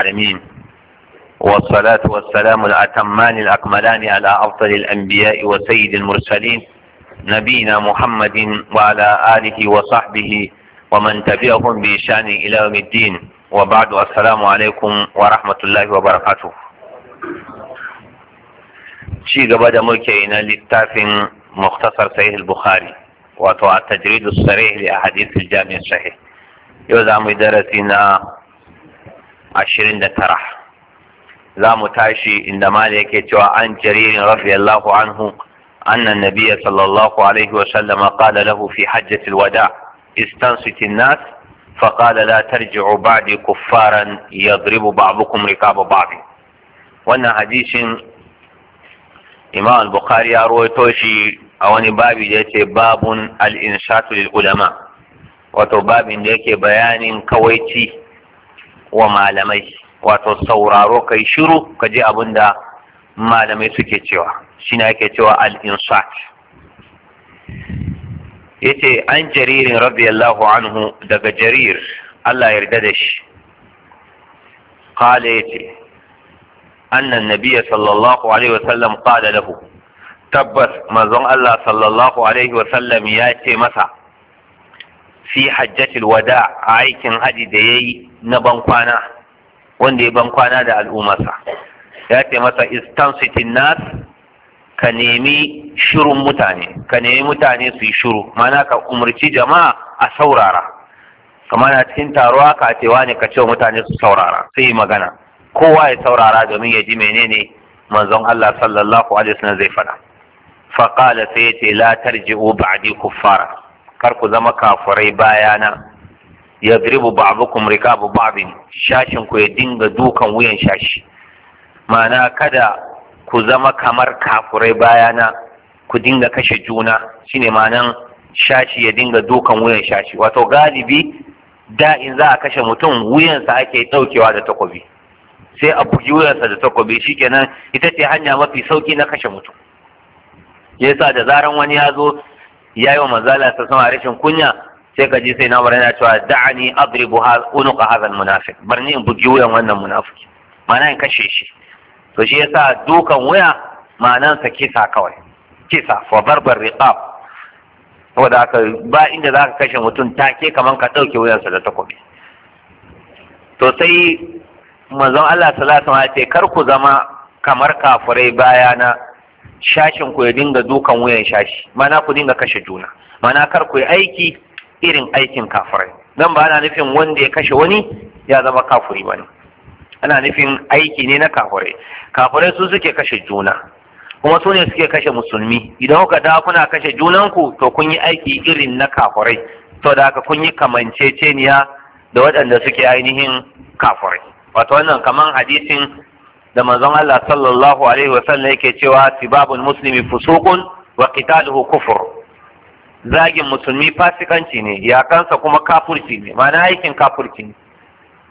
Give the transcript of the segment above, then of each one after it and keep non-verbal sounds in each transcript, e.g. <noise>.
العالمين والصلاة والسلام الأتمان الأكملان على أفضل الأنبياء وسيد المرسلين نبينا محمد وعلى آله وصحبه ومن تبعهم بإشان إلى يوم الدين وبعد السلام عليكم ورحمة الله وبركاته شيء قبل ملكينا للتافن مختصر صحيح البخاري وتو التجريد الصريح لأحاديث الجامع الصحيح يوزع مدرسنا ashirin da tara za mu tashi inda mali yake cewa an jaririn rafiyallahu anhu annan nabiya sallallahu alaihi wasallam qala lahu fi hajjatil wada istansitin nas فقال لا ترجعوا بعد كفارا يضرب بعضكم رقاب بعض wannan hadisin imam al-bukhari ya rawaito shi a wani babi da yake babun al-insatu lil ulama wato babin da yake bayanin kawaici wa malamai wato sauraro kai shiru ka ji abin da malamai suke cewa shi na ake cewa al-insat yace an jaririn radiyallahu anhu daga jarir Allah ya yarda da shi qala yace annan nabiyya sallallahu alaihi wasallam qala lahu tabbas manzon Allah sallallahu alaihi wasallam ya ce masa fi hajjatil wada a aikin haji da yayi na bankwana wanda ya bankwana da al'ummarsa ya ce masa istansitin nas ka nemi shirun mutane ka nemi mutane su yi shiru mana ka umarci jama'a a saurara kamar na cikin taruwa ka ce ne ka ce mutane su saurara sai magana kowa ya saurara domin ya ji menene manzon Allah sallallahu alaihi wasallam zai faɗa faqala sai yace la tarji'u ba'di kuffara kar ku zama kafurai bayana ya ba gribu ba'dukum rikabu abu shashin ku ya dinga dukan wuyan shashi ma'ana kada ku zama kamar kafurai bayana ku dinga kashe juna shine ma'anan shashi ya dinga dukan wuyan shashi wato galibi da in za a kashe mutum wuyansa ake daukewa da takobi sai a bugi wuyansa da takobi shikenan ita ce hanya mafi sauki na kashe mutum yasa da zaran wani ya zo ya yi wa manzala ta sama rashin kunya sai ka ji sai na yana cewa da'ani adribu unuqa hadha almunafiq bar ni in bugi wuyan wannan munafiki ma'ana in kashe shi to shi yasa dukan wuya ma'anan sa kisa kawai kisa fa barbar riqab saboda aka ba inda zaka kashe mutum take kaman ka dauke wuyansa da takobi to sai manzon Allah sallallahu alaihi wasallam ya ce kar ku zama kamar kafurai bayana shashin ku ya dinga dukan wuyan shashi mana ku dinga kashe juna Ma'ana kar ku yi aiki irin aikin kafirai nan ba ana nufin wanda ya kashe wani ya zama kafiri ba ne ana nufin aiki ne na kafirai kafirai su suke kashe juna kuma su ne suke kashe musulmi idan kuka ta kuna kashe junanku to kun yi aiki irin na kafirai to da haka kun yi kamanceceniya da waɗanda suke ainihin kafirai wato wannan kamar hadisin da manzon Allah sallallahu alaihi wasallam yake cewa sibabul muslimi fusuqun wa qitaluhu kufur zagin musulmi fasikanci ne ya kansa kuma kafurci ne ma'ana aikin kafurci ne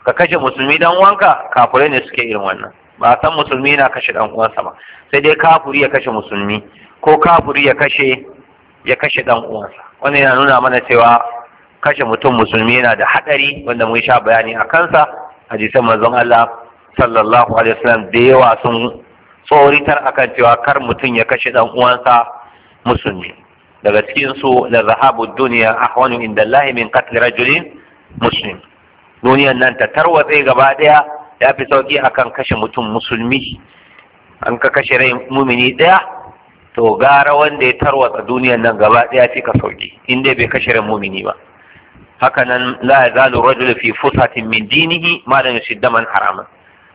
ka kashe musulmi dan wanka kafurai ne suke irin wannan ba san musulmi na kashe dan uwansa ba sai dai kafuri ya kashe musulmi ko kafuri ya kashe ya kashe dan uwansa wannan yana nuna mana cewa kashe mutum musulmi yana da hadari wanda mun sha bayani a kansa hadisan manzon Allah sallallahu alaihi wasallam da yawa sun tsoritar akan cewa kar mutum ya kashe dan uwansa musulmi daga cikin su la zahabu duniya a wani inda Allah min qatl rajulin muslim duniyan nan ta tarwatsa gaba daya ya fi sauki akan kashe mutum musulmi an ka kashe rai mumini daya to gara wanda ya tarwatsa duniyan nan gaba daya fi ka sauki inda bai kashe rai mumini ba haka nan la zalu rajul fi fusatin min dinihi ma lam haraman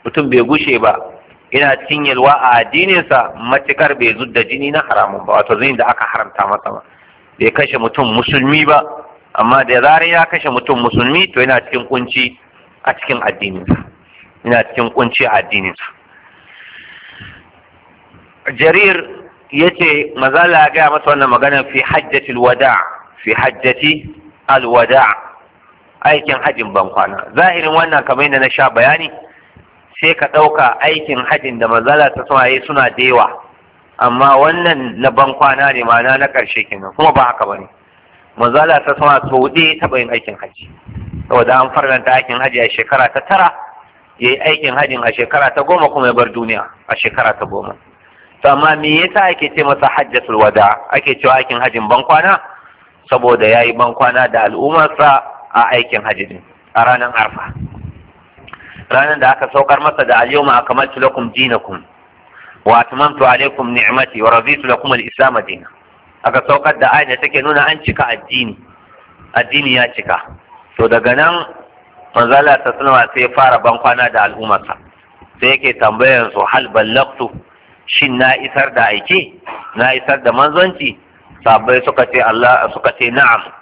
mutum bai gushe ba ina cikin yalwa a addininsa matukar bai da jini na haramun ba wato zini da aka haramta masa ba bai kashe mutum musulmi ba amma da zarar ya kashe mutum musulmi to yana cikin kunci a cikin addininsa yana cikin kunci a addininsa jarir ya ce, mazala ya gaya masa wannan maganar fi hajjati alwada fi hajjati alwada aikin hajjin ban kwana zahirin wannan kamar yadda na sha bayani sai ka ɗauka aikin hajin da mazala ta suwaye suna da yawa amma wannan na ban kwana ne ma'ana na ƙarshe kenan kuma ba haka bane mazala ta sama sau ɗaya taɓa yin aikin haji saboda an farlanta aikin haji a shekara ta tara ya yi aikin hajin a shekara ta goma kuma ya bar duniya a shekara ta goma to amma me yasa ake ce masa hajjatul wada ake cewa aikin hajin ban kwana saboda ya yi ban kwana da al'ummarsa a aikin hajji a ranar arfa ranar da aka saukar masa da al-yawma akmaltu lakum dinakum wa atmamtu alaykum ni'mati wa raditu lakum al-islam dinan aka saukar da ayat da take nuna an cika addini addini ya cika to daga nan manzo Allah sallallahu sai ya fara bankwana da al'ummarsa sai yake tambayar su hal ballaktu shin na isar da aiki na isar da manzanci sabai suka ce Allah suka ce na'am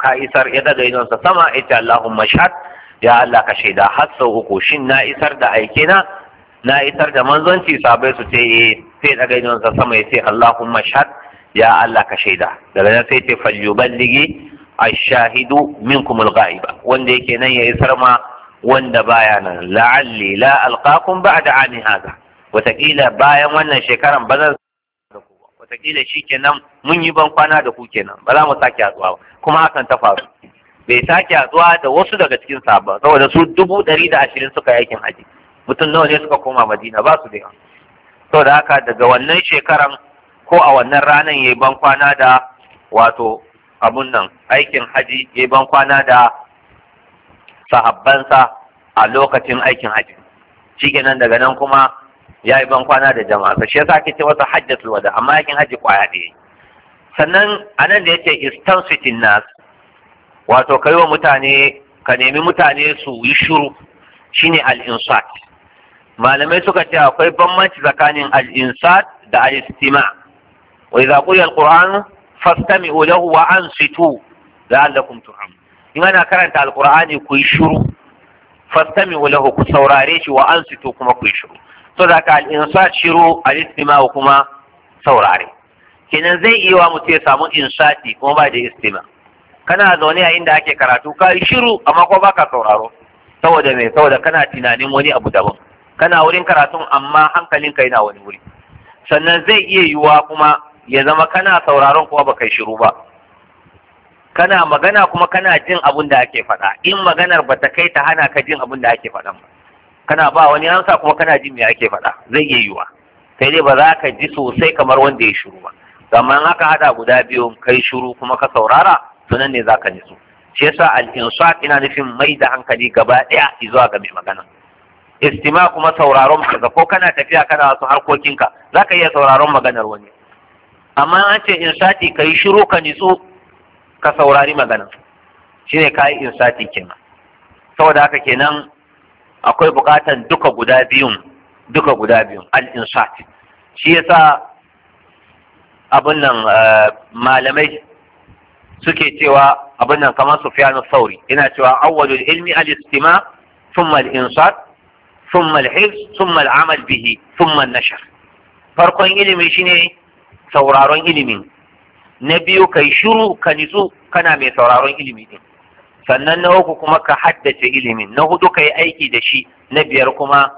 ka isar ya daga idonsa sama ita Allahumma shahad ya Allah ka shaida har sau uku shin na isar da aike na na isar da manzanci sabai su ce eh sai daga idon sa sama ya ce Allahumma shahad ya Allah ka shaida daga nan sai ce falyuballigi ash-shahidu minkum al-ghaiba wanda yake nan ya isar ma wanda baya nan la'alli la alqakum ba'da ani hada watakila bayan wannan shekaran ba zan watakila shi kenan mun yi ban kwana da ku kenan ba za mu sake haɗuwa ba kuma hakan ta faru bai sake zuwa da wasu daga cikin sabon saboda su dubu ɗari da ashirin suka aikin haji mutum nawa ne suka koma madina ba su da yawa saboda haka daga wannan shekaran ko a wannan ranar ya ban kwana da wato abun nan aikin haji ya ban kwana da sahabbansa a lokacin aikin haji shikenan daga nan kuma ya yi ban kwana da jama'a shi yasa ake ce masa hajjatul wada amma aikin haji kwaya ɗaya sannan anan da yace istansu nas wato kai wa mutane ka nemi mutane su yi shuru shine al-insat malamai suka ce akwai bambanci tsakanin al-insat da al-istima wa idza quriya al-qur'an fastami'u lahu wa ansitu la'allakum turhamun in ana karanta al-qur'ani ku yi shuru fastami'u lahu ku saurare shi wa ansitu kuma ku yi shuru to da ka al-insat shiru al-istima kuma saurare kenan zai iya wa mutum ya samu insati kuma ba da istima kana zaune a inda ake karatu ka yi shiru amma ko baka sauraro saboda me saboda kana tunanin wani abu daban kana wurin karatun amma hankalin ka yana wani wuri sannan zai iya yiwuwa kuma ya zama kana sauraron kuma baka yi shiru ba kana magana kuma kana jin abun da ake faɗa in maganar bata kai ta hana ka jin abun da ake faɗa ba kana ba wani ansa kuma kana jin me ake faɗa zai iya yiwuwa sai dai ba za ka ji sosai kamar wanda ya shiru ba amma haka hada guda biyu kai shiru kuma ka saurara to nan ne ka nitsu shi yasa al-insaq ina nufin mai da hankali gaba daya zuwa ga mai magana istima kuma sauraron ka ko kana tafiya kana wasu harkokinka za ka iya sauraron maganar wani amma an ce insati yi shiru ka nitsu ka saurari magana ka yi insati kenan saboda haka kenan akwai bukatan duka guda biyun duka guda biyun al insati shi yasa abun nan eh, malamai suke cewa abin nan kamar Sufyan al sauri, yana cewa awwalul ilmi al-istima' thumma al-insat thumma al-hifz thumma al-amal bihi thumma an-nashr farkon ilimi shine sauraron ilimin na biyu kai shiru ka nitsu kana mai sauraron ilimi din sannan na uku kuma ka haddace ilimin na hudu kai aiki da shi na biyar kuma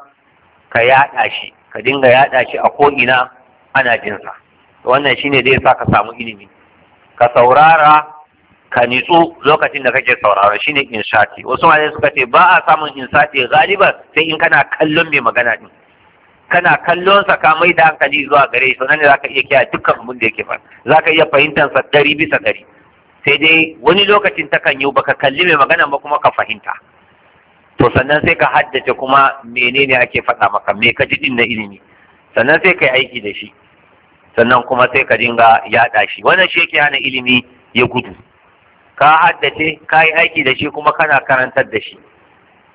ka yaɗa shi ka dinga yaɗa shi a ko'ina ana jinsa wannan shine zai sa ka samu ilimi ka saurara ka nitsu lokacin da kake saurara shine insati wasu malai suka ce ba a samun insati galiba sai in kana kallon mai magana din kana kallon sa ka mai da hankali zuwa gare shi sannan zaka iya kiyaye dukkan abin da yake fa zaka iya fahimtar sa dari bisa dari sai dai wani lokacin takan yi baka kalli mai magana ba kuma ka fahimta to sannan sai ka haddace kuma menene ake faɗa maka me ka ji din na ilimi sannan sai ka yi aiki da shi sannan kuma sai ka dinga yaɗa shi wannan shi yake hana ilimi ya gudu ka haddace ka yi aiki da shi kuma kana karantar da shi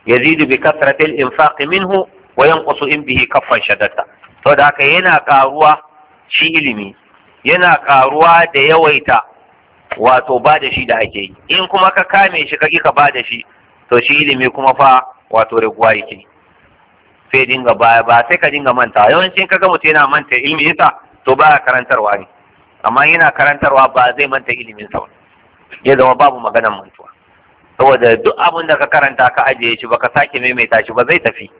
yazidu bi kasratil infaqi minhu wa yanqusu in bihi kaffan shaddata to da haka yana karuwa shi ilimi yana karuwa da yawaita wato ba da shi da ake yi in kuma ka kame shi kaki ka ba da shi to shi ilimi kuma fa wato raguwa yake sai dinga baya ba sai ka dinga manta yawancin kaga mutum yana manta ilimi yasa to ba karantarwa ne amma yana karantarwa ba zai manta ilimin sa ya zama babu maganan mantuwa saboda duk abin da ka karanta ka ajiye shi baka sake maimaita shi ba zai tafi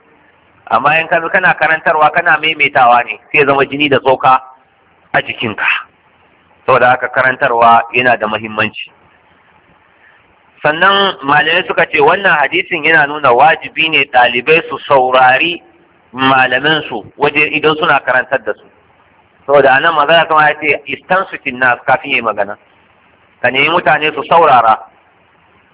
amma in ka kana karantarwa kana maimaitawa ne sai zama jini da tsoka a jikinka saboda haka karantarwa yana da muhimmanci sannan malamai suka ce wannan hadisin yana nuna wajibi ne ɗalibai su saurari malamansu waje idan suna karantar da su saboda anan maza kama ya ce su nas kafin yi magana ka nemi mutane su saurara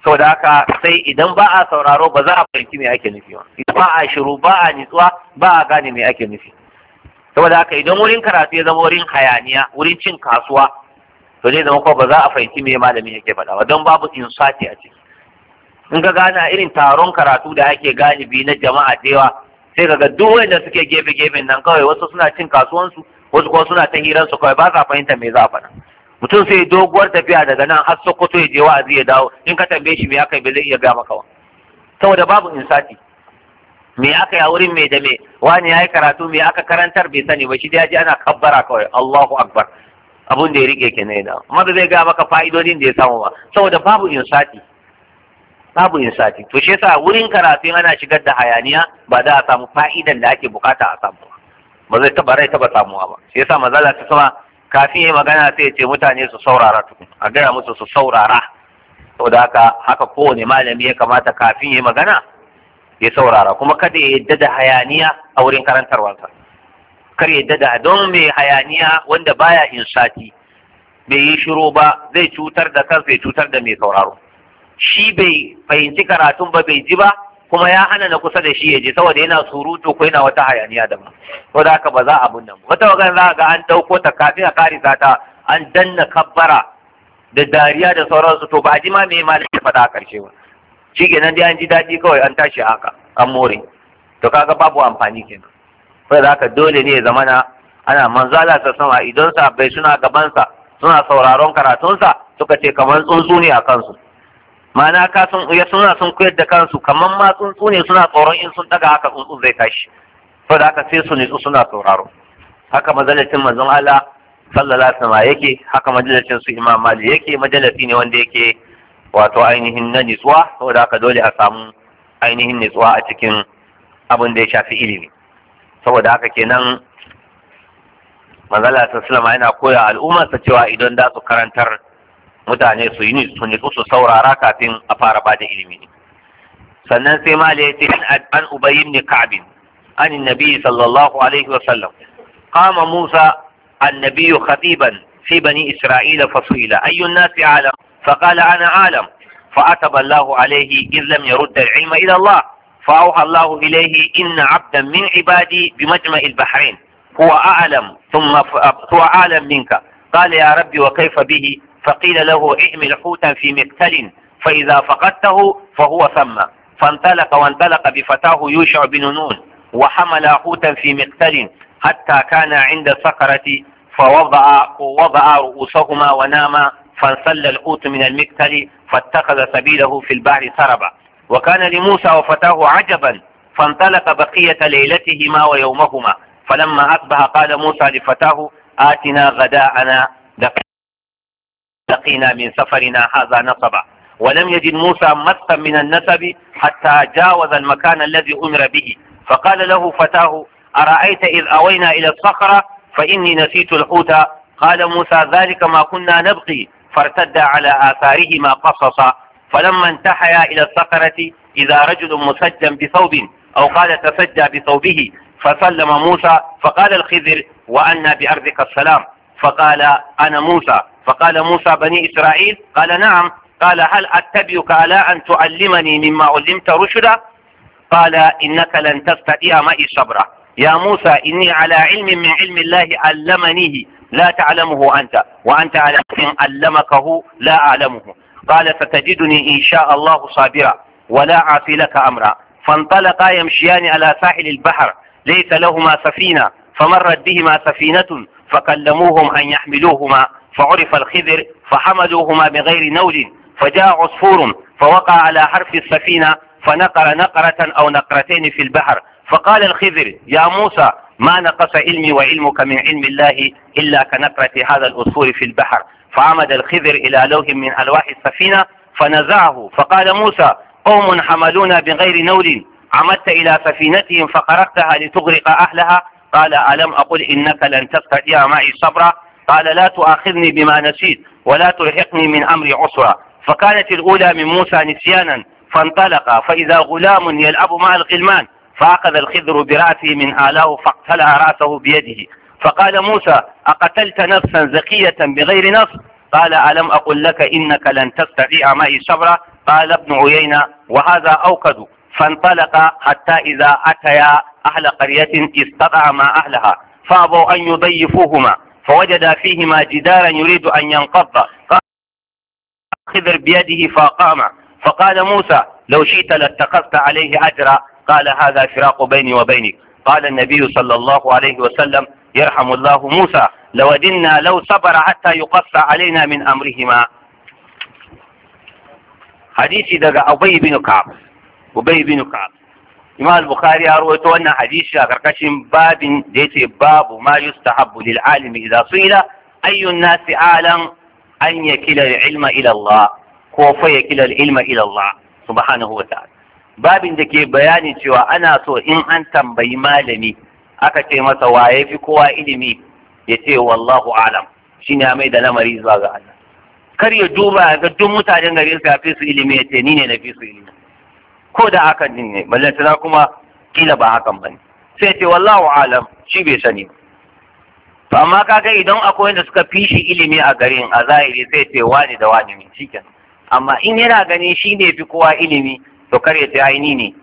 saboda haka sai idan ba a sauraro ba za a fahimci me ake nufi ba ba a shiru ba a nitsuwa ba a gane me ake nufi saboda haka idan wurin karatu ya zama wurin hayaniya wurin cin kasuwa to zai zama ko ba za a fahimci me malami yake faɗa ba don babu insati a ciki in ka gana irin taron karatu da ake galibi na jama'a da yawa sai kaga duk wanda suke gefe gefen nan kawai wasu suna cin kasuwansu wasu kuma suna ta hirar su kawai ba sa fahimta me za a faɗa mutum sai doguwar tafiya daga nan har sokoto ya je wa'azi ya dawo in ka tambaye shi me aka yi ba zai iya ga maka ba saboda babu insati me aka yi a wurin me da me wani ya yi karatu me aka karantar bai sani ba shi da ya ji ana kabbara kawai Allahu akbar abun da ya rike ke ne da amma da zai ga maka fa'idodin da ya samu ba saboda babu insati babu insati to shi yasa wurin karatu ana shigar da hayaniya ba za a samu fa'idan da ake bukata a samu ba ba zai taba rai taba samuwa ba shi yasa manzala ta sama kafin yi magana sai ya ce mutane su saurara tukun a gaya musu su saurara saboda haka haka kowane malami ya kamata kafin yi magana ya saurara kuma kada ya yadda da hayaniya a wurin karantarwarsa kar ya yadda da don mai hayaniya wanda baya in sati bai yi shiru ba zai cutar da kansa ya cutar da mai sauraro shi bai fahimci karatun ba bai ji ba kuma ya hana na kusa da shi ya je saboda yana surutu ko yana wata hayaniya da ba ko da haka ba za a ba wata wagan za ga an dauko ta kafin a karisa ta an danna kabbara da dariya da sauransu to ba a ji ma me malam ya faɗa a karshe ba shi kenan dai an ji daɗi kawai an tashi haka an more to kaga babu amfani kenan sai da haka dole ne ya zamana ana manzala ta sama idan sa bai suna gabansa suna sauraron karatunsa suka ce kamar tsuntsu ne a kansu ma'ana ka sun ya suna sun koyar da kansu kamar ma tsuntsu ne suna tsoron in sun daga haka tsuntsu zai tashi saboda haka sai su nitsu suna sauraro haka majalisin manzon Allah sallallahu alaihi wasallam yake haka majalisin su Imam Mali yake majalisi ne wanda yake wato ainihin na nitsuwa saboda haka dole a samu ainihin nitsuwa a cikin abin da ya shafi ilimi saboda haka kenan sallallahu alaihi wasallam yana koya al'ummarsa cewa idan da su karantar mutane su yi su saurara kafin a fara ba da ilimi sannan sai ma ya ce an ubayi ibn ka'b an annabi sallallahu alaihi wa sallam musa annabi khatiban fi bani isra'ila fasuila ayyun nasi alam فقال أنا أعلم فأتب الله عليه إذ لم يرد العلم إلى الله فأوحى الله إليه إن عبدا من عبادي بمجمع البحرين هو أعلم ثم ف... هو أعلم منك قال يا رب وكيف به فقيل له اعمل حوتا في مقتل فإذا فقدته فهو ثم فانطلق وانطلق بفتاه يوشع بن نون وحمل حوتا في مقتل حتى كان عند صقرة فوضع وضع رؤوسهما وناما فانسل الحوت من المقتل فاتخذ سبيله في البحر سربا وكان لموسى وفتاه عجبا فانطلق بقية ليلتهما ويومهما فلما أصبح قال موسى لفتاه آتنا غداءنا لقينا من سفرنا هذا نصبا ولم يجد موسى مسقا من النسب حتى جاوز المكان الذي أمر به فقال له فتاه أرأيت إذ أوينا إلى الصخرة فإني نسيت الحوت قال موسى ذلك ما كنا نبقي فارتد على آثارهما قصصا فلما انتحيا إلى الصخرة إذا رجل مسجى بثوب أو قال تسجى بثوبه فسلم موسى فقال الخضر وأنا بأرضك السلام فقال أنا موسى فقال موسى بني إسرائيل قال نعم قال هل أتبعك على أن تعلمني مما علمت رشدا قال إنك لن تستطيع معي صبرا يا موسى إني على علم من علم الله علمنيه لا تعلمه أنت وأنت على علم علمكه لا أعلمه قال ستجدني إن شاء الله صابرا ولا أعفي لك أمرا فانطلقا يمشيان على ساحل البحر ليس لهما سفينة فمرت بهما سفينة فكلموهم أن يحملوهما فعرف الخذر فحملوهما بغير نول فجاء عصفور فوقع على حرف السفينة فنقر نقرة أو نقرتين في البحر فقال الخضر يا موسى ما نقص علمي وعلمك من علم الله إلا كنقرة هذا الأصفور في البحر فعمد الخضر إلى لوح من ألواح السفينة فنزعه فقال موسى قوم حملونا بغير نول عمدت إلى سفينتهم فقرقتها لتغرق أهلها قال ألم أقل إنك لن تستطيع معي صبرا قال لا تؤاخذني بما نسيت ولا ترهقني من أمري عسرا فكانت الأولى من موسى نسيانا فانطلق فإذا غلام يلعب مع الغلمان فأخذ الخضر برأسه من آلاه فاقتلع رأسه بيده فقال موسى أقتلت نفسا زكية بغير نفس قال ألم أقل لك إنك لن تستطيع معي صبرا قال ابن عيينة وهذا أوكد فانطلق حتى إذا أتيا أهل قرية استطعما أهلها فأبوا أن يضيفوهما فوجدا فيهما جدارا يريد أن ينقض قال خذر بيده فقام فقال موسى لو شئت لاتخذت عليه أجرا قال هذا فراق بيني وبينك قال النبي صلى الله عليه وسلم يرحم الله موسى لودنا لو صبر حتى يقص علينا من أمرهما حديث دقى أبي بن كعب ubay bin ka'ab imam bukhari ya rawaito wannan hadisi a karkashin babin da yace babu ma yustahabbu lil alimi idza su'ila ayyun nasi alam an yakila al-ilma ila Allah ko fa yakila al-ilma ila Allah subhanahu wa ta'ala babin da ke bayani cewa ana so in an tambayi malami aka ce masa waye fi kowa ilimi ya ce wallahu alam shine ya mai da lamari zuwa ga Allah kar ya duba ga duk mutanen garin sa fi su ilimi ya ce ni ne na fi su ilimi ko da haka din ne ballantana kuma kila ba hakan bane sai ce wallahu alam shi bai sani to amma kaga idan akwai wanda suka fi shi ilimi a garin a zahiri sai ce wani da wani ne amma in yana gani shi ne fi kowa ilimi to kar ya ce ni ne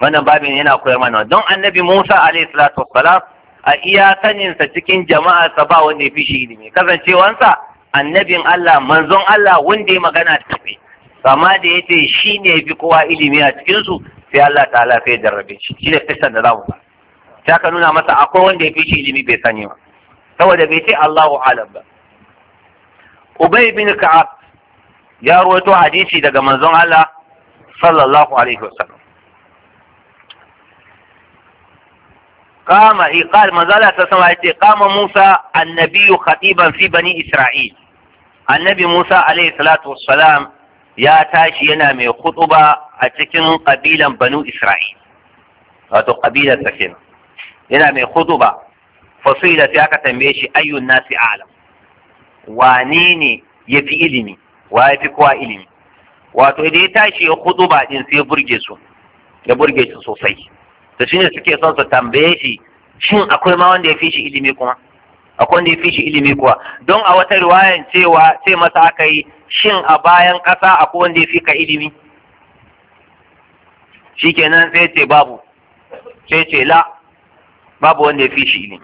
wannan babin yana koyar mana don annabi Musa alayhi salatu wassalam a iya sa cikin jama'a sa ba wanda ya fi shi ilimi kasancewansa annabin Allah manzon Allah wanda ya magana da tafi amma da ce shi ne fi kowa ilimi a cikinsu sai Allah ta'ala sai ya jarrabe shi ne kisan da zamu mu sai aka nuna masa akwai wanda ya fi shi ilimi bai sani ba saboda bai ce Allahu alam ba Ubay bin Ka'ab ya rawaito hadisi daga manzon Allah sallallahu alaihi wasallam kama iqal manzala ta sama yace kama Musa annabiyu khatiban fi bani Isra'il annabi Musa alaihi salatu wassalam ya tashi yana mai ba a cikin kabilan banu isra'il wato ƙabilar ta kenan yana mai khutuba fasila ta aka tambaye shi ayyun nasi alam wane ne ya fi ilimi wa fi kowa ilimi wato idan ya tashi ya ba din sai ya burge su ya burge su sosai shi ne suke son su tambaye shi shin akwai ma wanda ya fi shi ilimi kuma akwai wanda ya fi shi ilimi kuwa don a wata riwayan cewa sai masa aka yi shin a bayan ƙasa akwai wanda ya fi ka ilimi shi kenan sai ce babu sai ce la babu wanda ya fi shi ilimi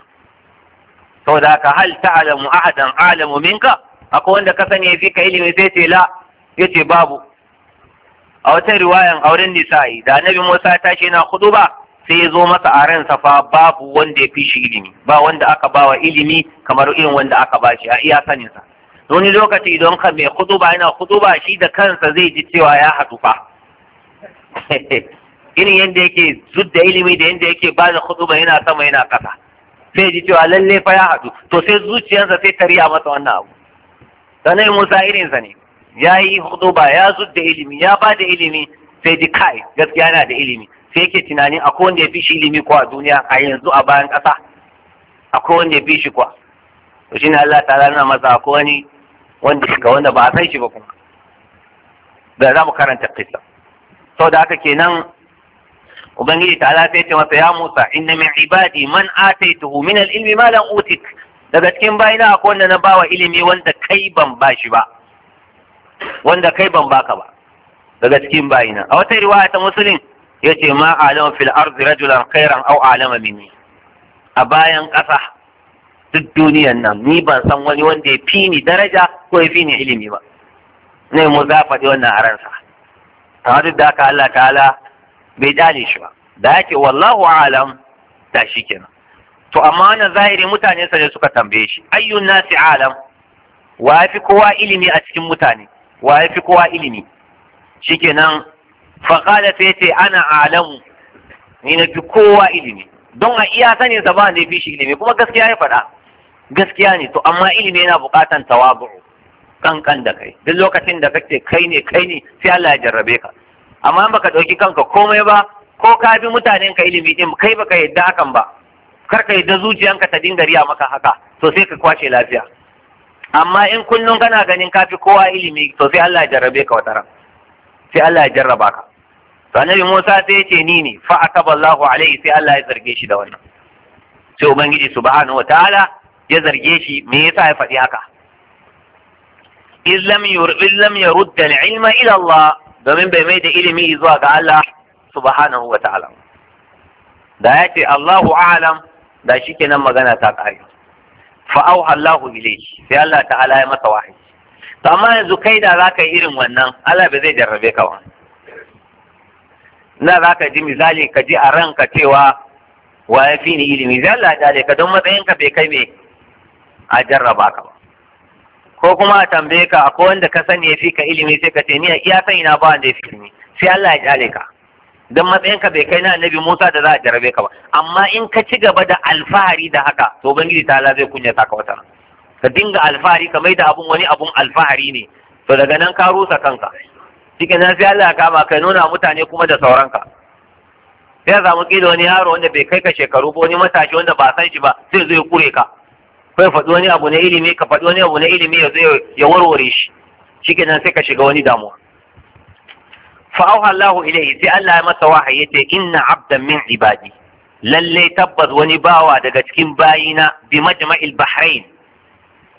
sau da ka hal ta alamu ahadan alamu minka akwai wanda ka sani ya fi ka ilimi sai ce la ya ce babu a wata riwayan auren nisa'i da annabi musa ta shi na hudu ba sai ya zo masa a ransa fa babu wanda ya fi shi ilimi ba wanda aka bawa ilimi kamar irin wanda aka ba shi a iya saninsa wani lokaci don ka mai ba yana ba shi da kansa zai ji cewa ya haɗu fa <laughs> irin yadda yake da ilimi da yadda yake ba da ba yana sama yana ƙasa sai ji cewa lalle fa ya haɗu to sai zuciyarsa sai ta riya masa wannan abu sanai musa irinsa ne ya yi ba ya da ilimi ya ba da ilimi sai ji kai gaskiya yana da ilimi sai yake tunanin akwai wanda ya fi shi ilimi ko a duniya a yanzu a bayan ƙasa akwai wanda ya fi shi kuwa to ne Allah Ta na masa akwai wani wanda shiga wanda ba a san shi ba kuma da za mu karanta kisa sau da haka kenan ubangiji ta ala sai ce masa ya musa inna min ibadi man ataituhu min al-ilmi ma lam utik daga cikin bayina akwai wanda na bawa ilimi wanda kai ban bashi ba wanda kai ban baka ba daga cikin bayina a wata riwaya ta musulun yace ma alama fil ardi rajulan khairan aw alama minni a bayan kasa. duk duniyan nan ni ban san wani wanda ya fi ni daraja ko ya fi ni ilimi ba ne mu za faɗi wannan a ransa amma duk da haka Allah ta'ala bai dale shi ba da yake wallahu alam da shi kenan to amma wannan zahiri mutane sa ne suka tambaye shi ayyun nasi alam wa fi kowa ilimi a cikin mutane wa fi kowa ilimi shikenan fa qala sai ce ana alamu ni na fi kowa ilimi don a iya sanin sa ba ne fi shi ilimi kuma gaskiya ya faɗa gaskiya ne to amma ilimi yana buƙatan tawabu kankan da kai duk lokacin da kake kai ne kai ne sai Allah ya jarrabe ka amma in baka ɗauki kanka komai ba ko ka bi mutanen ka ilimi din kai baka yadda hakan ba kar ka yadda zuciyanka ta dinga riya maka haka to sai ka kwashe lafiya amma in kullun kana ganin ka fi kowa ilimi to sai Allah ya jarrabe ka wata ran sai Allah ya jarraba ka to annabi Musa sai ya ni ne fa akaballahu alaihi sai Allah ya zarge shi da wannan sai ubangiji subhanahu wataala ya zarge shi me yasa ya faɗi haka illam ya yurd al-ilma ila Allah domin bai mai da ilimi zuwa ga Allah subhanahu wa ta'ala da ya ce Allahu a'lam da shikenan magana ta kare fa auha Allahu ilayhi sai Allah ta'ala ya masa wahayi to amma yanzu kai da zaka yi irin wannan Allah bai zai jarrabe ka ba na zaka ji misali ka ji a ranka cewa wa ya fi ni ilimi zai Allah ya ka don matsayinka bai kai me a jarraba ka ba ko kuma a tambaye ka akwai wanda ka sani ya fi ka ilimi sai ka ce ni iya sani na ba wanda ya fi ilimi sai Allah ya kyale ka dan matsayin ka bai kai na annabi Musa da za a jarabe ka ba amma in ka ci gaba da alfahari da haka to ubangiji ta Allah zai kunya ka wata ka dinga alfahari ka maida abun wani abun alfahari ne to daga nan ka rusa kanka cikin nan sai Allah ya kama kai nuna mutane kuma da sauranka sai ya samu kila wani yaro wanda bai kai ka shekaru ba wani matashi wanda ba san shi ba sai zai kure ka kai faɗi wani abu na ilimi ka faɗi wani abu na ilimi ya zo ya warware shi nan sai ka shiga wani damuwa fa auha Allahu ilayhi sai Allah ya masa wahayi yace inna abdan min ibadi Lallai tabbas wani bawa daga cikin bayina bi majma'il bahrain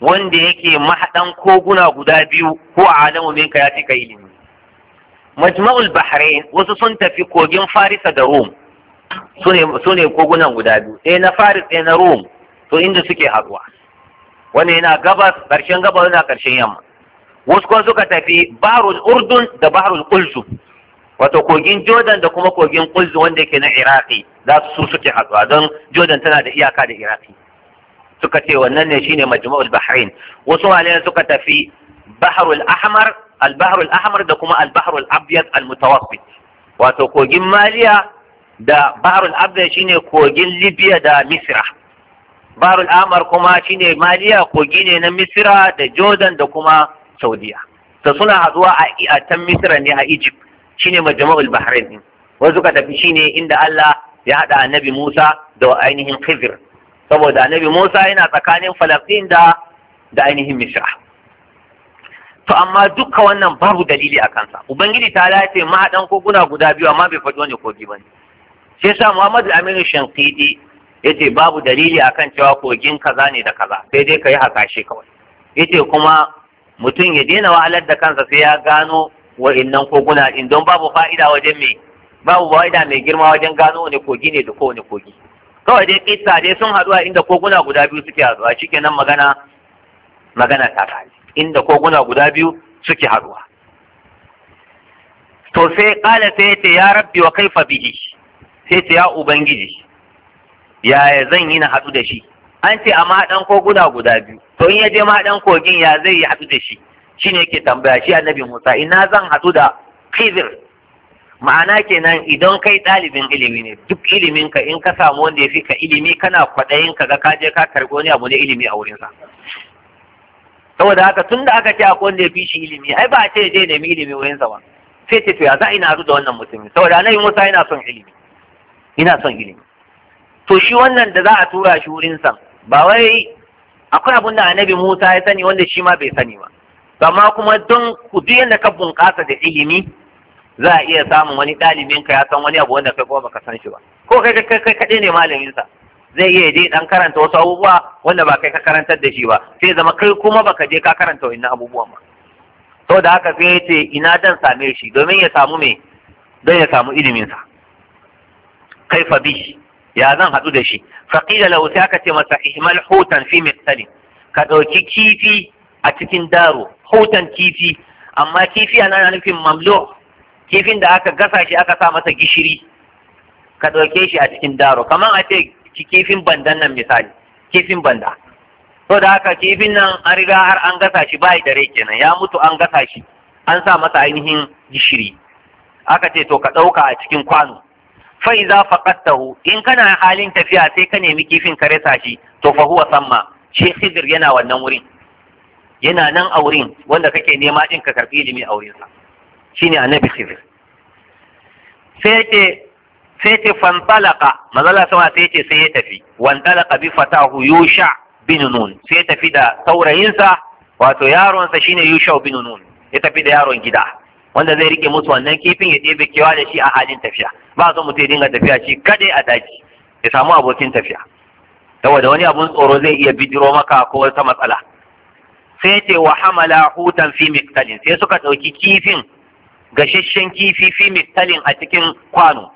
wanda yake mahadan koguna guda biyu ko alamu minka ya cika ilimi majma'ul bahrain wasu sun tafi kogin farisa da rom sune kogunan guda biyu ɗaya na faris ɗaya na rom to inda suke haɗuwa wani yana gabas ƙarshen gabas yana ƙarshen yamma wasu kuma suka tafi baharul urdun da baharul kulzu wato kogin jordan da kuma kogin kulzu wanda yake na iraki za su suke haɗuwa don jordan tana da iyaka da iraki suka ce wannan ne shine majmu'ul bahrain wasu halayen suka tafi baharul ahmar al-baharul ahmar da kuma al-baharul abyad al-mutawaffit wato kogin maliya da baharul abyad shine kogin libya da misra barul amar kuma shine maliya kogi ne na misira da jordan da kuma saudiya da suna haduwa a can misira ne a egypt shine majma'ul bahrain din wasu ka tafi shine inda allah ya hada annabi musa da ainihin khizir saboda annabi musa yana tsakanin falastin da da ainihin misira to amma dukka wannan babu dalili a kansa ubangiji ta lace mahaɗan koguna guda biyu amma bai faɗi wani kogi ba ne sai sa muhammadu aminu shankidi yace babu dalili akan cewa kogin kaza ne da kaza sai dai ka yi hasashe kawai yace kuma mutum ya daina wahalar da kansa sai ya gano innan koguna din don babu fa'ida wajen me babu fa'ida mai girma wajen gano wani kogi ne da ko wani kogi kawai dai kitsa dai sun haɗu a inda koguna guda biyu suke haɗuwa shikenan magana magana ta kare inda koguna guda biyu suke haɗuwa to sai kala sai ya rabbi wa kaifa bihi sai ya ubangiji yaya zan yi na haɗu da shi an ce a maɗan koguna guda biyu to in ya je maɗan kogin ya zai yi haɗu da shi shi ne yake tambaya shi annabi musa ina zan haɗu da khizir ma'ana kenan idan kai ɗalibin ilimi ne duk ilimin ka in ka samu wanda ya fi ka ilimi kana kwaɗayin ka ga ka je ka karɓi wani abu ne ilimi a wurinsa saboda haka tun da aka ce akwai wanda ya fi shi ilimi ai ba a ce je nemi ilimi wurinsa ba sai ce to ya za ina haɗu da wannan mutumin saboda annabi musa yana son ilimi ina son ilimi to shi wannan da za a tura shi wurinsa ba wai akwai abin da annabi Musa ya sani wanda shi ma bai sani ba amma kuma don ku duk yadda ka bunƙasa da ilimi za a iya samun wani ɗalibin ka ya san wani abu wanda kai kuma baka san shi ba ko kai kai kai kaɗai ne malamin sa zai iya je dan karanta wasu abubuwa wanda ba kai ka karantar da shi ba sai zama kai kuma baka je ka karanta wannan abubuwan ba da haka sai ya ce ina dan same shi domin ya samu me don ya samu ilimin sa kaifa bi ya zan haɗu da shi faƙila lahu sai aka ce masa ihmal hutan fi miqtali ka ɗauki kifi a cikin daro hutan kifi amma kifi ana nufin mamlo kifin da aka gasa shi aka sa masa gishiri ka ɗauke shi a cikin daro kamar a ce kifin bandan nan misali kifin banda to da haka kifin nan an riga har an gasa shi bayi da rai kenan ya mutu an gasa shi an sa masa ainihin gishiri aka ce to ka ɗauka a cikin kwano fa za faqadtahu in kana halin tafiya sai ka nemi kifin ka rasa shi to fa huwa samma shi khidir yana wannan wurin yana nan a wurin wanda kake nema din ka karbi ilimi a wurin sa shine annabi khidir sai ce sai ce fantalaka sama sai ce sai ya tafi wantalaka bi fatahu yusha bin nun sai tafi da saurayinsa wato yaronsa shine yusha bin nun ya tafi da yaron gida wanda zai rike musu wannan kifin ya ɗebe kewa da shi a halin tafiya ba so mutum ya dinga tafiya shi kadai a daji ya samu abokin tafiya saboda wani abun tsoro zai iya bijiro maka ko wata matsala sai ce wa hamala hutan fi miktalin sai suka ɗauki kifin gashashen kifi fi miktalin a cikin kwano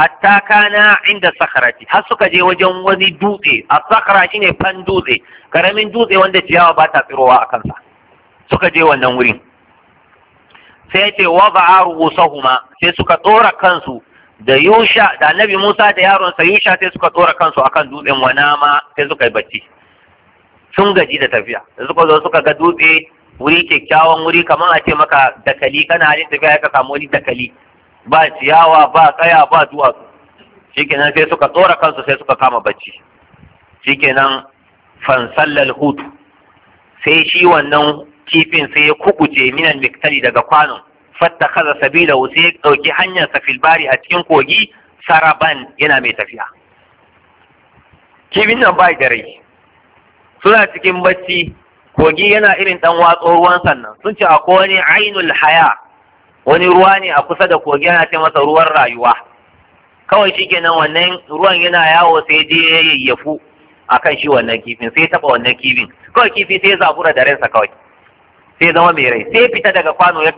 hatta kana inda sakarati har suka je wajen wani dutse a sakara shine fan dutse karamin dutse wanda ciyawa ba ta tsirowa a kansa suka je wannan wurin sai ce wa ba'a ru'usahuma sai suka tsora kansu da Yusha da Annabi Musa da yaronsa Yusha sai suka tsora kansu akan dutsen ma sai suka yi bacci sun gaji da tafiya da suka zo suka ga dutse wuri kyakkyawan wuri kamar a ce maka dakali kana halin tafiya ka samu wani dakali ba ciyawa ba tsaya ba duwatsu shikenan sai suka tsora kansu sai suka kama bacci shikenan fansallal hutu sai shi wannan kifin sai ya kubuce minan miktari daga kwanon fatta kaza sabila sai ya ɗauki hanyarsa filbari a cikin kogi saraban yana mai tafiya kifin nan bai da rai suna cikin bacci kogi yana irin ɗan watsa ruwan sannan sun ce akwai wani ainul haya wani ruwa ne a kusa da kogi yana ce masa ruwan rayuwa kawai shi kenan wannan ruwan yana yawo sai je ya yayyafu akan shi wannan kifin sai taɓa wannan kifin kawai kifi sai ya zabura da ransa kawai sai zama mai rai sai fita daga kwano ya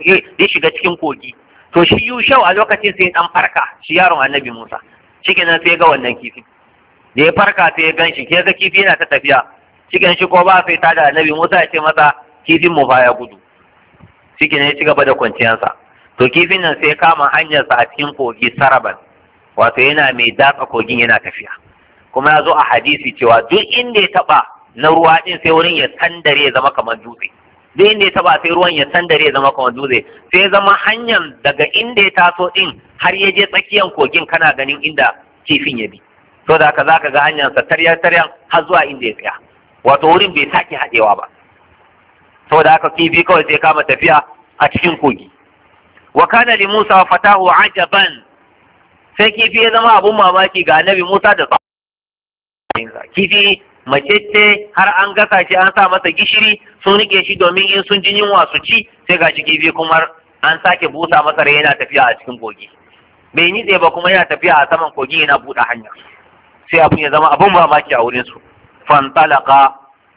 shiga cikin kogi to shi yushau a lokacin sai dan farka shi yaron annabi musa cikin nan sai ga wannan kifi da ya farka sai ya gan ke ga kifi yana ta tafiya cikin shi ko ba sai ta da annabi musa ya ce masa kifin mu ba ya gudu cikin ya ci gaba da kwanciyarsa to kifin nan sai kama hanyarsa a cikin kogi saraban wato yana mai datsa kogin yana tafiya kuma ya zo a hadisi cewa duk inda ya taba na ruwa din sai wurin ya tandare ya zama kamar dutse duk inda ya ba sai ruwan ya zama kamar dutse sai zama hanyar daga inda ya taso din har ya je tsakiyar kogin kana ganin inda kifin ya bi to da za ka ga hanyar sa taryar taryar har zuwa inda ya tsaya wato wurin bai sake haɗewa ba to da haka kifi kawai sai kama tafiya a cikin kogi wa kana li Musa fatahu ajaban sai kifi ya zama abun mamaki ga Annabi Musa da kifi macece har an gasa shi an sa masa gishiri sun rike shi domin in sun jin yunwa su ci sai ga shi kifi kuma an sake busa masa rai yana tafiya a cikin kogi bai nitse ba kuma yana tafiya a saman kogi yana buɗe hanya sai abun ya zama abun mamaki a wurin su fantalaka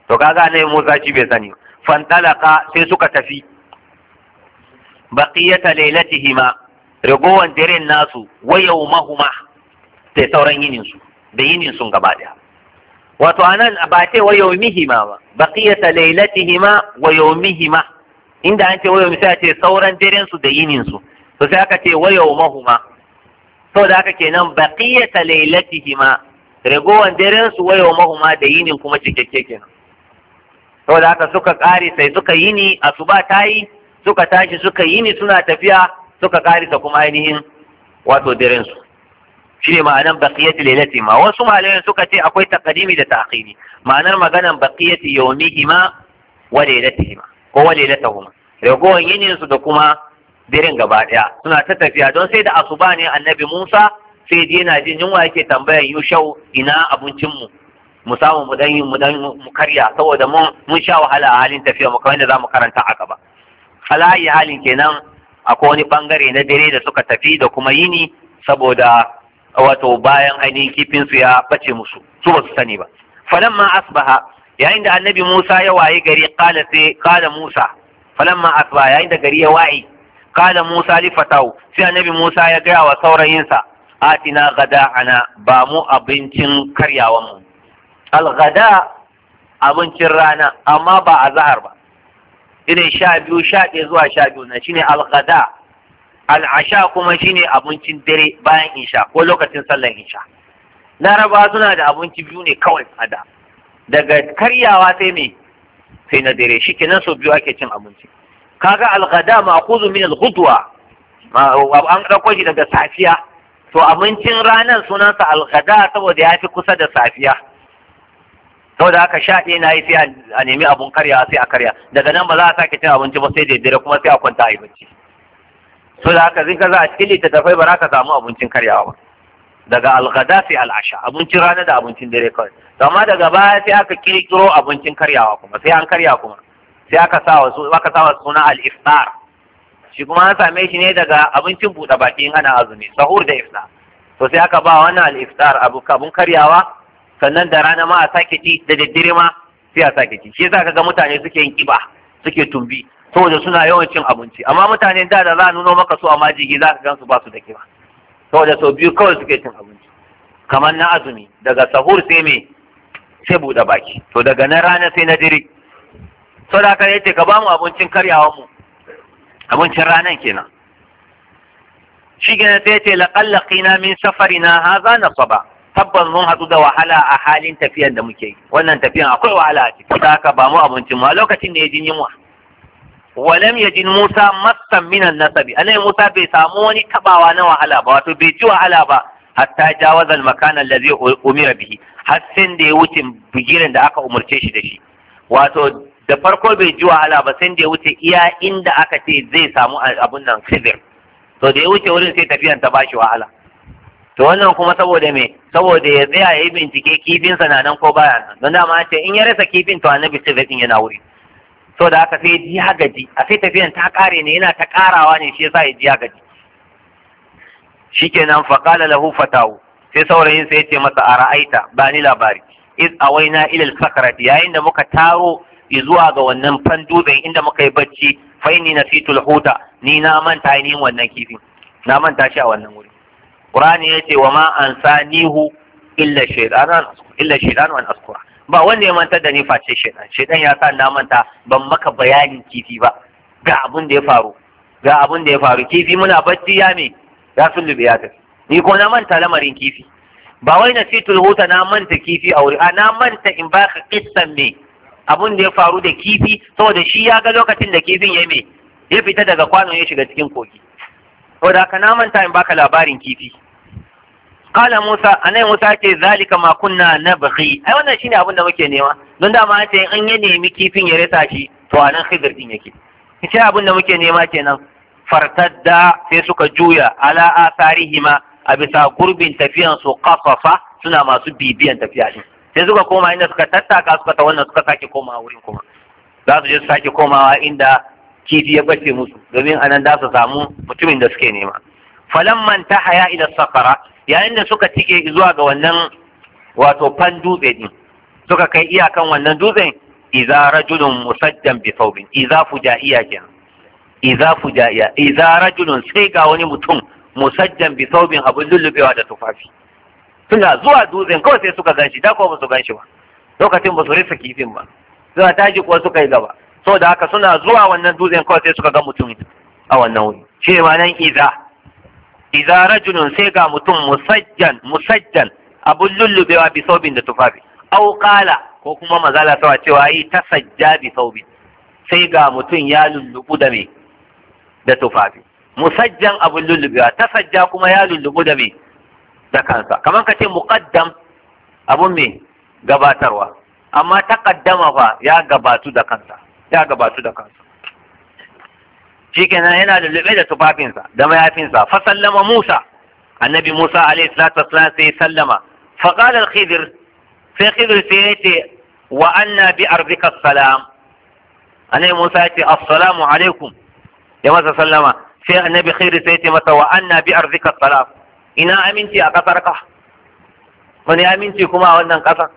to kaga ne Musa ci bai sani fantalaka sai suka tafi baqiyata lailatihima ragowan daren nasu wa yawmahuma sai sauran yinin su da yinin sun gaba daya wato anan ba ce wa yawmihima ba baqiyata lailatihima wa yawmihima inda an ce wa yawmi sai ce sauran daren su da yinin su to sai aka ce wa da saboda haka kenan baqiyata lailatihima ragowan daren su wa yawmahuma da yinin kuma cikakke kenan da haka suka kare sai suka yini asuba tayi suka tashi suka yini suna tafiya suka ta kuma ainihin wato daren su shine ma'anar baqiyati lailati ma wasu malamai suka ce akwai taqdimi da ta'khiri ma'anar maganan baqiyati yawmihima wa ma ko wa lailatahuma ragowan yinin su da kuma birin gaba daya suna ta tafiya don sai da asuba ne annabi Musa sai dai yana jin yunwa yake tambayar yushau ina abincin mu mu samu mu dan mu dan mu karya saboda mun mun sha wahala a halin tafiya mu kamar da zamu karanta a gaba halayi halin kenan akwai wani bangare na dare da suka tafi da kuma yini saboda wato bayan ainihin kifinsu ya bace musu su ba su sani ba falamma asbaha yayin da annabi Musa ya waye gari kala sai kala Musa falamma asbaha yayin da gari ya waye kala Musa li fatau sai annabi Musa ya gaya wa saurayinsa atina gada ana ba mu abincin karyawan mu al-gada abincin rana amma ba a zahar ba irin sha biyu sha ɗaya zuwa sha biyu na shine al-gada al'asha kuma shine abincin dare bayan insha ko lokacin sallan insha laraba suna da abinci biyu ne kawai a da daga karyawa sai me sai na dare kenan sau biyu ake cin abinci kaga al-ghada ma'khudhu min al an ɗauko shi daga safiya to abincin ranar sunansa al saboda ya fi kusa da safiya saboda haka sha ɗaya na yi sai a nemi abun karyawa sai a karya daga nan ba za a sake cin abinci ba sai da dare kuma sai a kwanta a yi bacci so da haka zinka za a cikin littattafai ba za ka samu abincin karyawa ba daga algada sai al'asha abincin rana da abincin dare kawai amma daga baya sai aka kirkiro abincin karyawa kuma sai an karya kuma sai aka sa wasu aka sa wasu suna al-iftar shi kuma an same shi ne daga abincin buɗe baki in ana azumi sahur da iftar to sai aka ba wannan al-iftar abun karyawa sannan da rana ma a sake ci da daddare ma sai a sake ci shi yasa kaga mutane suke yin kiba suke tumbi saboda suna yawan cin abinci amma mutane da da za a nuno maka su a majigi za ka gansu ba su da kiba saboda sau biyu kawai suke cin abinci kamar na azumi daga sahur sai me sai buɗe baki to daga nan rana sai na dare saboda haka yace ka bamu abincin karyawan mu abincin ranan kenan shi gina sai ce laƙallaƙina min safari na, ha za na saba tabbas mun haɗu da wahala a halin tafiyan da muke yi wannan tafiyan akwai wahala a ciki ta haka ba mu abincin mu a lokacin da ya ji yunwa walam jin Musa mastan minan nasabi annabi Musa bai samu wani tabawa na wahala ba wato bai ji wahala ba hatta jawaza al-makan allazi umira bihi har sai da ya wuce bigiren da aka umarce shi da shi wato da farko bai ji wahala ba sai da ya wuce iya inda aka ce zai samu abun nan khidir to da ya wuce wurin sai tafiyan ta bashi wahala to wannan kuma saboda me saboda ya tsaya ya bincike kifinsa na ko baya nan don dama ce in ya rasa kifin to annabi sai zai yana wuri so da haka sai ya ji a sai tafiyan ta kare ne yana ta karawa ne shi yasa ya ji hagaji shikenan fa qala lahu fatahu sai saurayin sai ya ce masa ara'aita ba ni labari iz awaina ila al-sakrati yayin da muka taro zuwa ga wannan fan dutsen inda muka yi bacci fa inni nasitu al-huta ni na manta ainihin wannan kifin na manta shi a wannan wuri qur'ani yace wa ma ansanihu illa shaytan illa shaytan wa askura ba wanda ya mantar da ni face shedan shedan ya sa na manta ban maka bayanin kifi ba ga abun da ya faru ga abun da ya faru kifi muna bacci ya me ya sun ya tafi ni ko na manta lamarin kifi ba wai na situl huta na manta kifi a wuri a na manta in baka kissan me abun da ya faru da kifi saboda shi ya ga lokacin da kifin ya me ya fita daga kwano ya shiga cikin kogi saboda ka na manta in baka labarin kifi qala musa anai musa ce zalika makunna na nabghi ai wannan shine abin da muke nema don dama an ce in ya nemi kifin ya rasa shi to anan khidir din yake shi abin da muke nema kenan fartadda sai suka juya ala asarihima a bisa gurbin tafiyan su kafafa suna masu bibiyan tafiya sai suka koma inda suka tattaka suka ta wannan suka sake komawa wurin kuma za su je su sake komawa inda kifi ya bace musu domin anan za su samu mutumin da suke nema falamman ta haya ila sakara yayin da suka tike zuwa ga wannan wato fan dutse din suka kai iyakan wannan dutsen idza rajulun musajjan bi thawbin idza fujaiya kenan idza fujaiya idza rajulun sai ga wani mutum musajjan bi thawbin abun lullubewa da tufafi suna zuwa dutsen kawai sai suka ganshi da kuma su ganshi ba lokacin ba su rufe kifin ba suna taji kuwa suka yi gaba saboda haka suna zuwa wannan dutsen kawai sai suka ga mutum a wannan wuri shi ma nan idza idza rajulun sai ga mutum musajjan musajjan abun lullubewa bi saubin da tufafi au qala ko kuma mazala sawa cewa yi tasajja bi saubin sai ga mutum ya lullubu da me da tufafi musajjan abun lullubewa tasajja kuma ya lullubu da me da kansa kamar ka ce muqaddam abun me gabatarwa amma taqaddama fa ya gabatu da kansa ya gabatu da kansa shikenan yana lullube da tufafinsa da mayafinsa fa sallama Musa annabi Musa alaihi salatu wassalam sai sallama fa qala al-khidr sai khidr sai yace wa anna bi ardika salam annabi Musa yace assalamu alaikum ya masa sallama sai annabi khidr sai yace masa wa anna bi ardika salam ina aminci a kasar ka wani aminci kuma a wannan kasar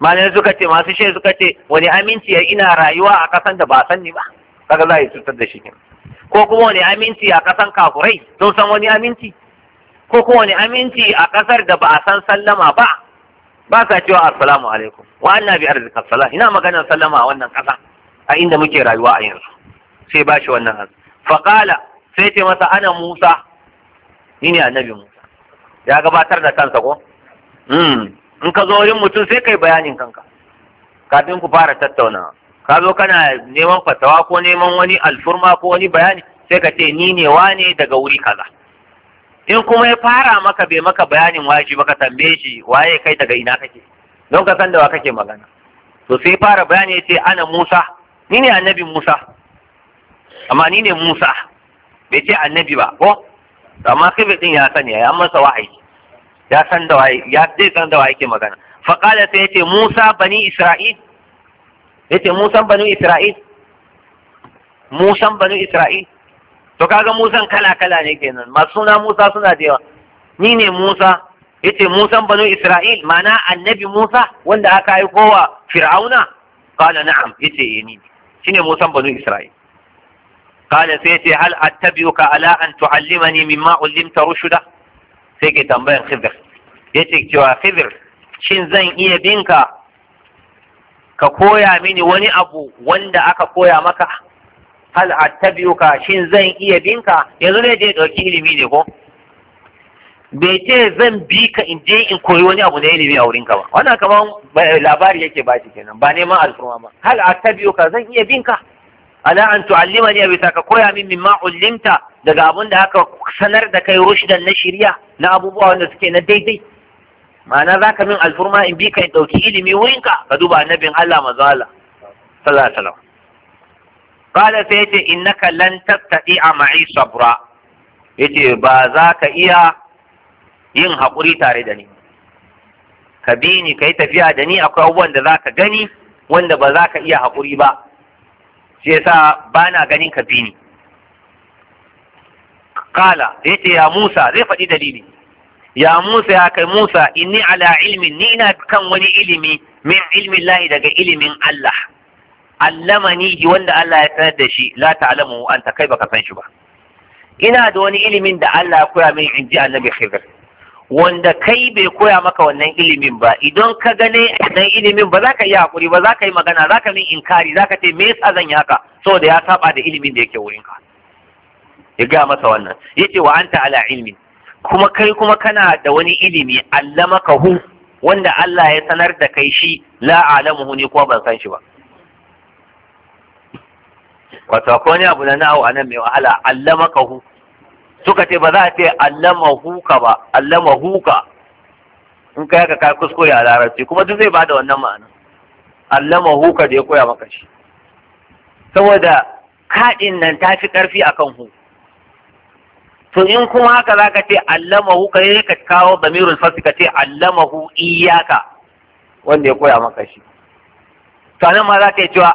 malai suka ce masu shi suka ce wani aminci ya ina rayuwa a kasan da ba san ni ba kaga za a yi cutar da shi ne ko kuma wani aminci a kasan kafurai sun san wani aminci ko kuma wani aminci a ƙasar da ba a san sallama ba ba sa cewa assalamu alaikum wa anna bi arzika salam ina maganar sallama a wannan ƙasa? a inda muke rayuwa a yanzu sai ba shi wannan hanzu Faƙala sai ce masa ana musa ni ne annabi musa ya gabatar da kansa ko hmm. in ka zo wurin mutum sai kai bayanin kanka kafin ku fara tattaunawa ka zo kana neman fatawa ko neman wani alfurma ko wani bayani sai ka ce ni ne wane daga wuri kaza in kuma ya fara maka bai maka bayanin waji baka tambaye shi waye kai daga ina kake don ka san da wa kake magana to sai fara bayani ya ce ana Musa ni ne annabi Musa amma ni ne Musa bai ce annabi ba ko amma khidir din ya sani ya masa wahayi ya san da waye ya san da waye yake magana faqala sai ya ce Musa bani Isra'il yace musan banu isra'il musan banu isra'il to kaga musan kala kala ne kenan masu suna musa suna da yawa ni ne musa yace musan banu isra'il mana annabi musa wanda aka aiko wa fir'auna qala na'am yace eh ni shine musan banu isra'il qala sai yace hal attabi'uka ala an tu'allimani mimma ullimta rushda sai ke tambayan khidir yace cewa khidir shin zan iya binka ka koya mini wani abu wanda aka koya maka hal ka shin zan iya binka yanzu ne je dauki ilimi ne ko bai ce zan bi ka in je in koyi wani abu na ilimi a wurinka ba wannan kaman labari yake ba shi kenan ba neman alfurma ba hal ka zan iya binka ala an tu'allimani bisa ka koya min mimma ullimta daga abun da aka sanar da kai rushdan na shirya na abubuwa wanda suke na daidai ma'ana za ka min alfurma in bi ka in ɗauki ilimi wurinka ka duba annabin Allah manzo Allah sallallahu alaihi wasallam qala sai yace innaka lan tastati a ma'i sabra yace ba za ka iya yin haƙuri tare da ni ka bi ni ka yi tafiya da ni akwai abubuwan da za ka gani wanda ba za ka iya haƙuri ba shi yasa ba na ganin ka bi ni kala yace ya musa zai faɗi dalili ya Musa ya kai Musa inni ala ilmin ni ina kan wani ilimi min ilmin lahi daga ilimin Allah allamani wanda Allah ya sanar da shi la ta'lamu anta kai baka san shi ba ina da wani ilimin da Allah ya koya min inji annabi Khidir wanda kai bai koya maka wannan ilimin ba idan ka gane wannan ilimin ba za ka yi hakuri ba za ka yi magana za ka min inkari za ka ce me yasa zan yi haka saboda ya saba da ilimin da yake wurinka ya ga masa wannan yace wa anta ala ilmin kuma kai kuma kana da wani ilimi allama hu wanda Allah ya sanar da kai shi la alamuhu ne kuma ban san shi ba wato akwai wani abu na nawo anan mai wahala allama hu suka ce ba za a ce hu ka ba hu ka in kai ka kai kuskure a larabci kuma duk zai bada wannan ma'ana hu ka da ya koya maka shi saboda kaɗin nan ta fi ƙarfi akan hu to in kuma haka za ka ce allamahu ka yi ka kawo damirul fasi ka ce allamahu iyaka wanda ya koya maka shi to nan ma za ka yi cewa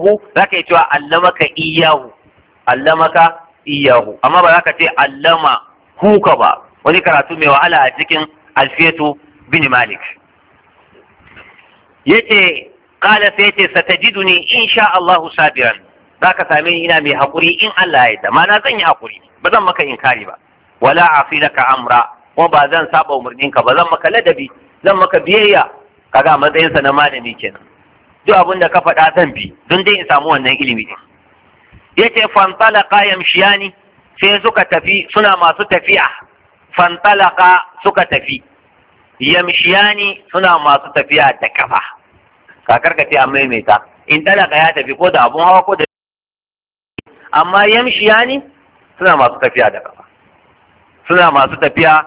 hu? za ka yi cewa allamaka iyahu allamaka iyahu amma ba za ka ce allama hu ka ba wani karatu mai wahala a cikin alfetu bin malik yace qala sai yace satajiduni insha Allahu sabiran za ka same ni ina mai haƙuri in Allah ya yarda mana zan yi haƙuri ba zan maka inkari ba wala a ka amra kuma ba zan saba umarnin ka ba zan maka ladabi zan maka biyayya kaga matsayinsa na malami kenan duk abin da ka faɗa zan bi don dai in samu wannan ilimi din yace fantalaka yamshiyani sai suka tafi suna masu tafiya fantalaka suka tafi yamshiyani suna masu tafiya da kafa kakar ka ce a maimaita in talaka ya tafi ko da abun hawa ko da amma yamshiya ne suna masu tafiya da kafa suna masu tafiya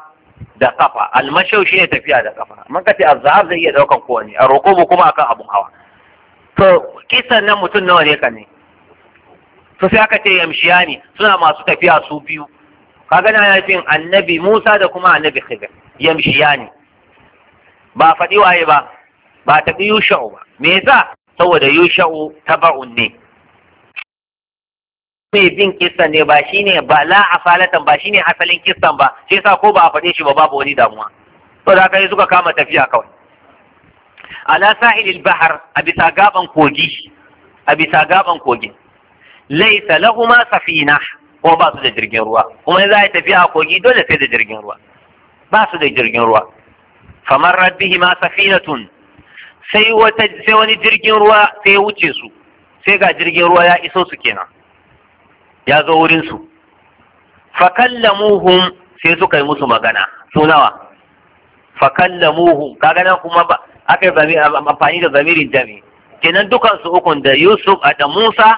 da kafa almashau shi ne tafiya da kafa man kace azhar zai iya daukan kowane a mu kuma akan abun hawa to kisan nan mutum nawa ne ka ne to sai aka ce yamshiya ne suna masu tafiya su biyu kaga na nufin annabi Musa da kuma annabi Khidir yamshiya ne ba faɗi waye ba ba tafi yusha'u ba me yasa saboda yusha'u taba'un ne mai bin kistan ne ba shine ba la asalatan ba shine asalin kistan ba sai sa ko ba a faɗe shi ba babu wani damuwa to da haka suka kama tafiya kawai ala sahilil bahar a bisa gaban kogi a bisa gaban kogin laisa lahuma safina ko ba su da jirgin ruwa kuma za a tafiya a kogi dole sai da jirgin ruwa ba su da jirgin ruwa famar rabbihi ma safinatun sai wata sai wani jirgin ruwa sai ya wuce su sai ga jirgin ruwa ya iso su kenan ya zo wurinsu fakallamuhum sai suka yi musu magana su nawa fakallamuhum kaga nan kuma ba aka yi amfani da zamirin jami kenan dukan su ukun da Yusuf a da Musa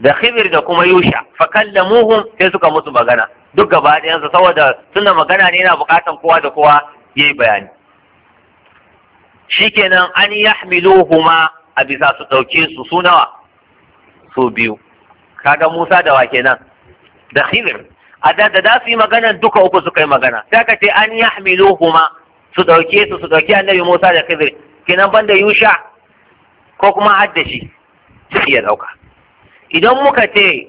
da khibir da kuma Yusha Fakalla fakallamuhum sai suka musu magana duk gaba ɗayansa saboda suna magana ne yana buƙatan kowa da kowa ya yi bayani Shi shikenan an yahmiluhuma a bisa su ɗauke su su nawa su biyu kaga Musa da wa kenan da Khidir a da da su yi magana duka uku suka yi magana sai aka ce an kuma su dauke su su dauki annabi Musa da Khidir kenan banda Yusha ko kuma haddashi su ya dauka idan muka ce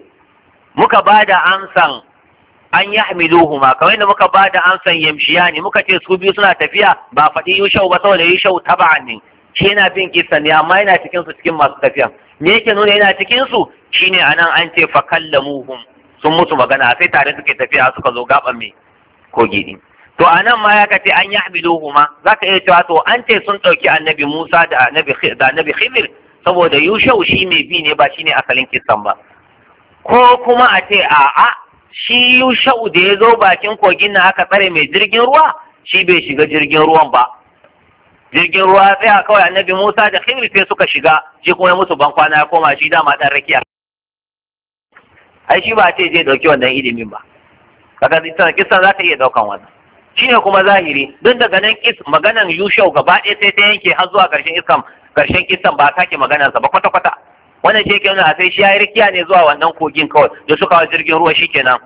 muka ba da amsan an yi kuma, kamar yadda muka ba da amsan yamshiya ne muka ce su biyu suna tafiya ba faɗi Yusha ba saboda Yusha taba'an ne shi yana bin kisan ne amma yana cikin su cikin masu tafiya me yake nuna yana cikin su shine anan an ce fa sun mutu magana sai tare suke tafiya suka zo gaban me kogi din to anan ma ya kace an yahmiluhuma zaka iya cewa to an ce sun ɗauki annabi Musa da annabi da Khidir saboda Yushau shi mai bi ne ba shine asalin kisan ba ko kuma a ce a'a shi Yushau da ya zo bakin kogin nan aka tsare mai jirgin ruwa shi bai shiga jirgin ruwan ba jirgin ruwa ya tsaya kawai annabi Musa da Khidir sai suka shiga shi kuma ya musu ban kwana ya koma shi dama dan rakiya ai shi ba ce zai dauki wannan ilimin ba kaga ta kisan za ta iya daukan wannan shine kuma zahiri duk daga nan kis maganan yushau gaba ɗaya sai ta yanke har zuwa ƙarshen iskan ƙarshen kisan ba take maganarsa ba kwata kwata wannan shi yake nuna a sai shi ya yi ne zuwa wannan kogin kawai da suka wa jirgin ruwa shikenan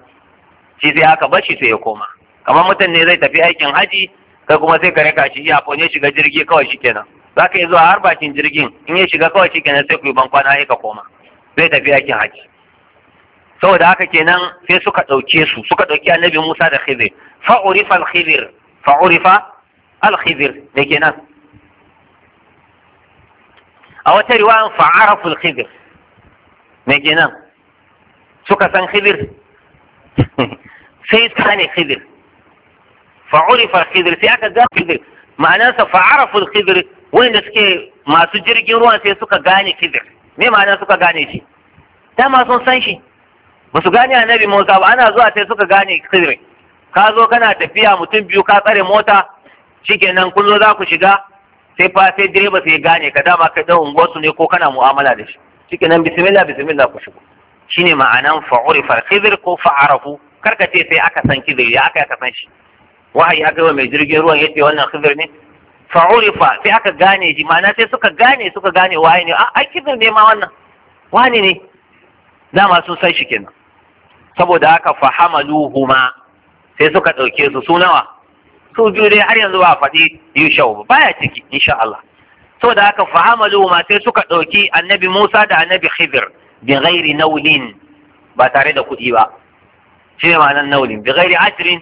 shi sai aka bar shi sai ya koma kamar mutum ne zai tafi aikin haji sai kuma sai ka raka shi ya fone shiga jirgi kawai shikenan za ka iya zuwa har bakin jirgin in ya shiga kawai shikenan sai ku yi bankwana ya ka koma zai tafi yakin haji saboda haka kenan sai suka ɗauke su suka ɗauki annabi Musa da Khidir fa'urifa urifa al-Khidir fa al-Khidir da kenan a wata riwayan fa arafu al-Khidir da kenan suka san Khidir <laughs> sai suka ne Khidir fa'urifa al-khidr sai aka ga khidr ma'anarsa fa'arafu al-khidr wanda suke masu jirgin ruwa sai suka gane khidr me ma'ana suka gane shi ma sun san shi ba su gane annabi Musa ba ana zuwa sai suka gane khidr ka zo kana tafiya mutum biyu ka tsare mota shikenan kun zo za ku shiga sai fa sai direba sai gane ka dama kai dan unguwarsu ne ko kana mu'amala da shi shikenan bismillah bismillah ku shigo shine ma'anan fa'urifa al-khidr ko fa'arafu karka ce sai aka san khidr ya aka aka san shi wahayi aka yi wa mai jirgin ruwan yace wannan khidir ne fa'urifa sai aka gane shi ma'ana sai suka gane suka gane waye ne a ai khidir ne ma wannan wani ne dama sun san shi kenan saboda haka fahamaluhuma sai suka dauke su su nawa su biyu har yanzu ba a faɗi yushau ba baya ciki insha Allah saboda haka fahamaluhuma sai suka ɗauki annabi Musa da annabi Khidir bi ghairi naulin ba tare da kuɗi ba shi ne ma'anar naulin bi ghairi ajrin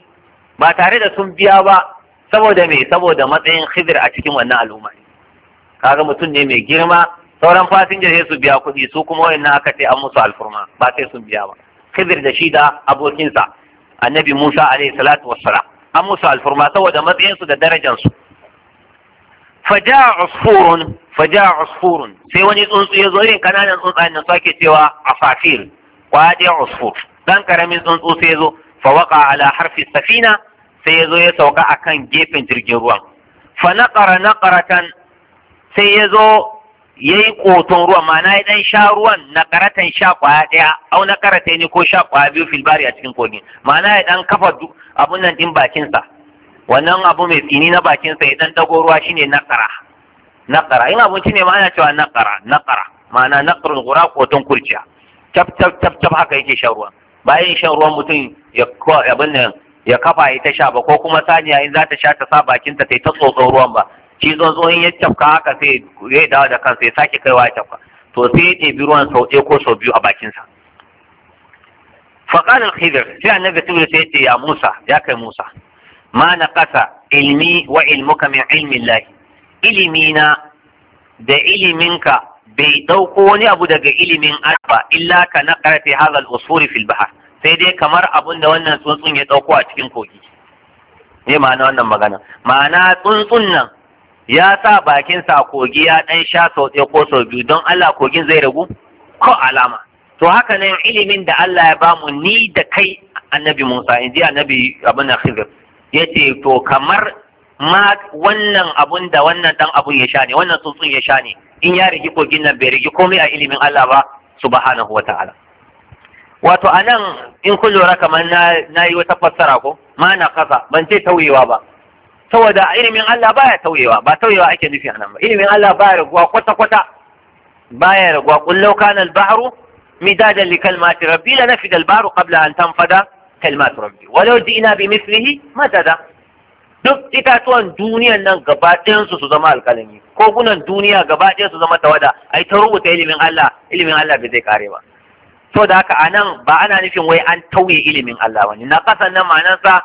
ba tare da sun biya ba saboda me saboda matsayin khidir a cikin wannan al'umma kaga mutum ne mai girma sauran fasinja sai su biya kuɗi su kuma wayannan aka ce an musu alfurma ba sai sun biya ba khidir da shi da abokinsa annabi Musa alaihi salatu wassalam an musu alfurma saboda matsayin su da darajar su faja usfurun faja usfurun sai wani tsuntsu ya zo yin kananan tsuntsayen nan sake cewa afafir kwaɗe usfur dan karamin tsuntsu sai ya zo fawaka ala harfi safina sai ya zo ya sauka a kan gefen jirgin ruwan fa naƙara naƙaratan sai ya zo ya yi ƙoton ruwan ma'ana ya ɗan sha ruwan na ƙaratan sha ƙwaya ɗaya au na ƙarata ne ko sha ƙwaya biyu filbari a cikin kogin ma'ana ya ɗan kafa abun nan ɗin bakinsa wannan abu mai tsini na bakinsa ya ɗan ɗago ruwa shine naƙara naƙara in abinci ne ma'ana cewa naƙara naƙara ma'ana naƙarun gura ƙoton kurciya cap cap cap cap haka yake shan ruwan bayan shan ruwan mutum ya abin nan ya kafa ita sha ba ko kuma saniya in za ta sha ta sa bakinta ta yi ta tsotso ruwan ba shi tsotso ya tafka haka sai ya dawo da kansa ya sake kaiwa ya tafka to sai ya ɗebi ruwan sau ɗaya ko sau biyu a bakinsa faƙar al-khidir sai annabi tuba sai ce ya musa ya kai musa ma na ƙasa ilmi wa ilmuka min ilmin lahi ilimina da iliminka bai ɗauko wani abu daga ilimin alfa illa ka na ƙarfe hazal usuri fil bahar sai dai kamar abun da wannan tsuntsun ya ɗauko a cikin kogi ne ma'ana wannan magana ma'ana tsuntsun nan ya sa bakinsa a kogi ya ɗan sha sau ɗaya ko sau biyu don Allah kogin zai ragu ko alama to haka nan ilimin da Allah ya bamu ni da kai annabi Musa in ji annabi abin na Khidir ya ce to kamar ma wannan abun da wannan dan abun ya sha ne wannan tsuntsun ya sha ne in ya rigi kogin nan bai rigi komai a ilimin Allah ba subhanahu wa ta'ala wato a nan in kun lura kamar na yi wata fassara ko ma na kasa ban ce tauyewa ba saboda ilimin Allah baya tauyewa ba tauyewa ake nufi a nan ba ilimin Allah baya raguwa kwata kwata baya raguwa kullau kana albaharu bahru midadan li kalmati rabbi la nafida albaharu qabla an tanfada kalmatu rabbi walau ji'na bi mithlihi madada duk itatuwan duniyan nan gaba su su zama alkalami kogunan duniya gaba su zama tawada ai ta rubuta ilimin Allah ilimin Allah bai zai kare ba so da haka anan ba ana nufin wai an tauye ilimin Allah wani na kasan nan ma'anarsa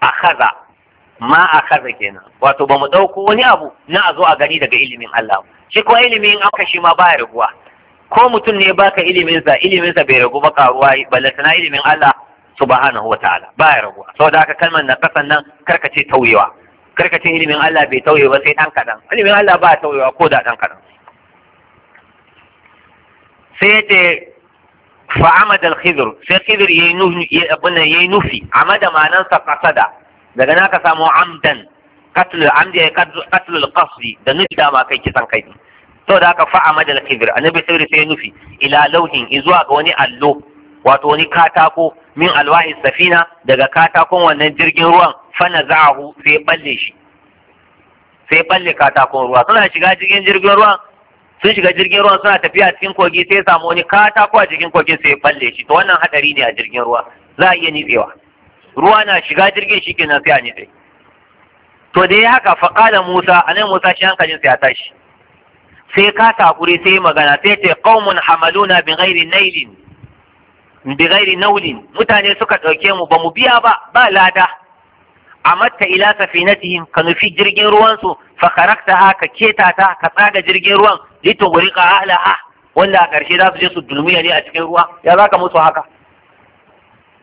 a kaza ma a kaza kenan wato ba mu ɗauko wani abu na a zo a gani daga ilimin Allah shi ko ilimin aka shi ma baya raguwa ko mutum ne baka iliminsa iliminsa bai ragu ba karuwa na ilimin Allah subhanahu wa ta'ala baya raguwa da haka kalmar na kasan nan karkace tauyewa karkace ilimin Allah bai tauye ba sai dan kadan ilimin Allah ba tauyewa ko da dan kadan sai yace fa amada al-khidr sai khidr yayi nufi abuna yayi nufi amada manan sa qasada daga naka samu amdan qatl al-amdi ay qatl al da nufi da ma kai kisan kai to da ka fa amada al-khidr annabi sai sai nufi ila lawhin izuwa ga wani allo wato wani katako min alwahi safina daga katakon wannan jirgin ruwan fana za'ahu sai balle shi sai balle katakon ruwa suna shiga jirgin ruwan sun shiga jirgin ruwan suna tafiya cikin kogi sai samu wani katako a jikin kogin sai ya falle shi to wannan hadari ne a jirgin ruwa za a iya nitsewa ruwa na shiga jirgin shi kenan sai a nitse to da ya haka faqala Musa anan Musa shi hankalin sai ya tashi sai ka takure sai magana sai ce qaumun hamaluna bi ghairi nailin bi ghairi naulin mutane suka dauke mu ba mu biya ba ba lada amatta ila safinatihim ka nufi jirgin ruwansu fa karakta ka keta ta ka tsaga jirgin ruwan ahla ahlaha wanda a ƙarshe za su je su dulmiya ne a cikin ruwa ya za ka mutu haka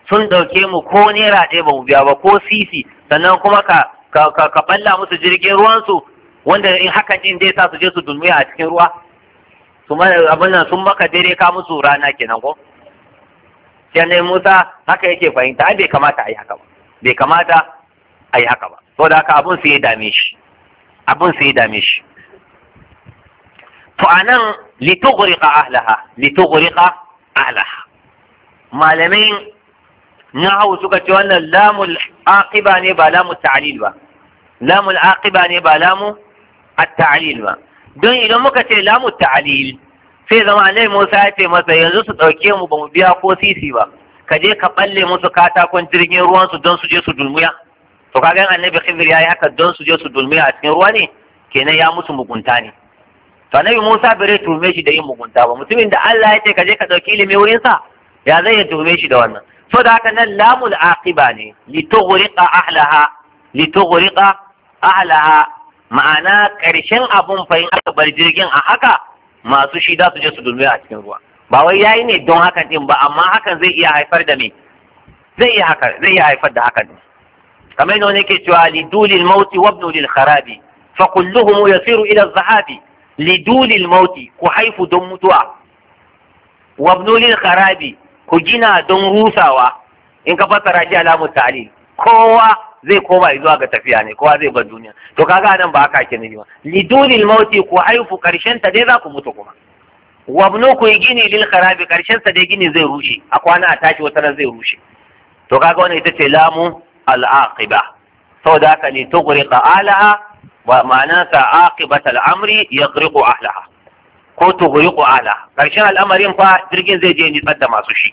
sun ɗauke mu ko naira ɗaya ba mu biya ba ko sisi sannan kuma ka ka balla musu jirgin ruwansu wanda in haka din zai sa su je su dulmiya a cikin ruwa su abin nan sun maka dare ka musu rana kenan ko sai Musa haka yake fahimta ai bai kamata a yi haka ba bai kamata a yi haka ba da haka abun sai ya dame shi abun sai ya dame shi to anan litughriqa ahlaha litughriqa ahlaha malamin hawo suka ce wannan lamul aqiba ne ba lamul ta'lil ba lamul aqiba ne ba lamu at-ta'lil ba don idan muka ce lamul ta'lil sai zama annabi Musa ya ce masa yanzu su dauke mu ba mu biya ko sisi ba ka je ka balle musu katakon jirgin ruwan su don su je su dulmuya to kaga annabi khidir yayi haka don su je su dulmiya a cikin ruwa ne kenan ya mutu mugunta ne to annabi Musa bare tuhume shi da yin mugunta ba mutumin da Allah ya ce ka je ka dauki ilimi wurin sa ya zai ya tuhume shi da wannan so da haka nan lamul aqiba ne li tughriqa ahlaha li tughriqa ahlaha ma'ana karshen abun fa in aka bar jirgin a haka masu shi da su je su dulmiya a cikin ruwa ba wai yayi ne don hakan din ba amma hakan zai iya haifar da me zai iya haifar da hakan din kamar yadda wani ke cewa lidulil mauti wabnu lil kharabi fa kulluhum yasiru ila zahabi lidulil mauti ku haifu don mutuwa wabnu lil kharabi ku gina don rusawa in ka fasa shi alamu ta'lil kowa zai koma zuwa ga tafiya ne kowa zai bar duniya to kaga nan ba haka ake nufi ba lidulil mauti ku haifu karshen ta dai za ku mutu kuma wabnu ku yi gini lil kharabi karshen ta dai gini zai rushe a kwana a tashi wata zai rushe to kaga wani ita ce lamu al'aqiba saboda haka ne tughriqa alaha wa ma'anarsa aqibat al'amri yaghriqu Alaha, ko tughriqu alaha karshen al'amarin fa jirgin zai je nitsar da masu shi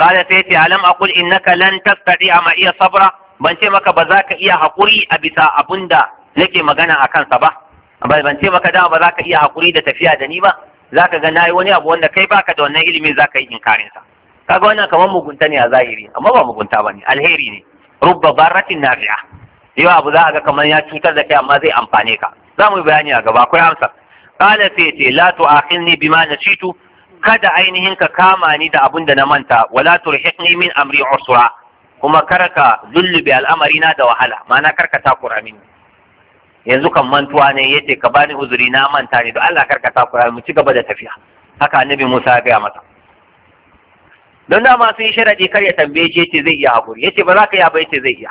قال سيتي ألم أقول إنك لن تستطيع معي صبرا ban ce maka ba za ka iya haƙuri a bisa abin da nake magana a kansa ba ban ce maka dama ba za ka iya haƙuri da tafiya da ni ba za ka ga na yi wani abu wanda kai baka da wannan ilimin za ka yi inkarinsa kaga wannan kamar mugunta ne a zahiri amma ba mugunta ba ne, alheri ne rubba barratin nafi'a yau abu za a ga kamar ya cutar da kai amma zai amfane ka za mu yi bayani a gaba akwai amsa kala sai ce la tu'akhilni bima nasitu kada ainihin ka kama ni da abun da na manta wala turhiqni min amri usra kuma karka lullube al'amari na da wahala ma'ana karka takura mini yanzu kan mantuwa ne yace ka bani uzuri na manta ne don Allah ka takura mu ci gaba da tafiya haka annabi Musa ya gaya masa don dama sun yi sharaɗi kar ya tambaye shi yace zai iya hakuri yace ba za ka iya ba yace zai iya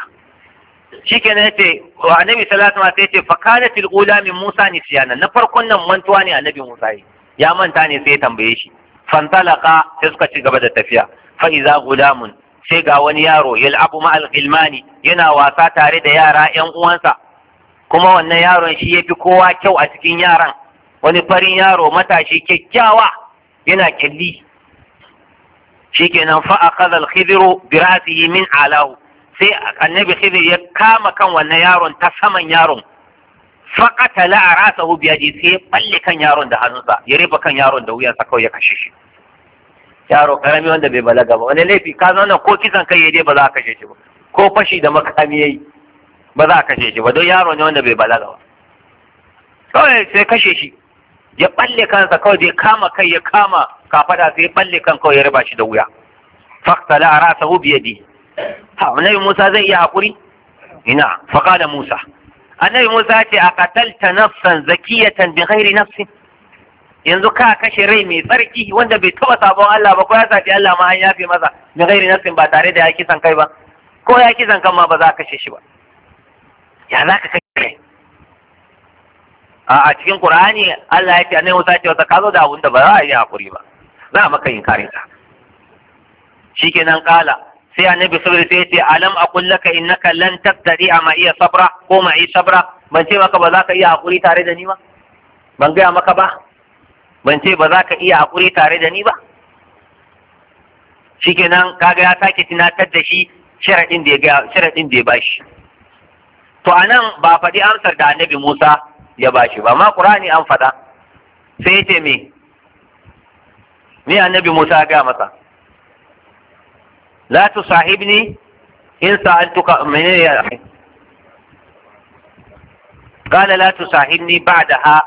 shikenan yace wa annabi sallallahu alaihi wasallam yace fa kanat ula min Musa nisyana na farkon nan mantuwa ne annabi Musa ya manta ne sai ya tambaye shi fantalaka sai suka ci gaba da tafiya fa iza gulamun sai ga wani yaro yal'abu ma al-ghilmani yana wasa tare da yara yan uwansa kuma wannan yaron shi yafi kowa kyau a cikin yaran wani farin yaro matashi kyakkyawa yana kyalli shikenan fa akhadha al-khidru bi ra'sihi min alahu sai annabi khidir ya kama kan wannan yaron ta saman yaron fa qatala ra'sahu bi yadi sai balle kan yaron da hannunsa ya rufe kan yaron da wuyansa kawai ya kashe shi yaro karami wanda bai balaga ba wani laifi ka zauna ko kisan kai yayi ba za a kashe shi ba ko fashi da makami yayi ba za a kashe shi ba don yaro ne wanda bai balaga ba kawai sai kashe shi ya balle kansa kawai da ya kama kai ya kama kafada sai ya balle kan kawai ya riba shi da wuya la a rasahu biyadi ha annabi Musa zai iya hakuri ina faqala Musa annabi Musa ya ce a qatalta nafsan zakiyatan bi ghairi nafsin yanzu ka kashe rai mai tsarki wanda bai taba sabon Allah ba ko ya safi Allah ma an yafe masa bi ghairi nafsin ba tare da ya kisan kai ba ko ya kisan kan ma ba za ka kashe shi ba ya za ka a cikin qur'ani Allah ya ce annabi Musa ce wata kazo da abun da ba za a yi hakuri ba za a maka inkarin ka shikenan kala sai annabi sabri sai ce alam aqul laka innaka lan tabtadi ma iya sabra ko ma iya sabra ban ce maka ba za ka iya hakuri tare da ni ba ban gaya maka ba ban ce ba za ka iya hakuri tare da ni ba shikenan kaga ya sake tunatar da shi sharaɗin da ya bashi to anan ba faɗi amsar da annabi Musa ya shi ba ma qur'ani an faɗa sai ya ce me Ni annabi Musa ga masa la sahibni in sa'altuka menene ya la tu sahibni ba'daha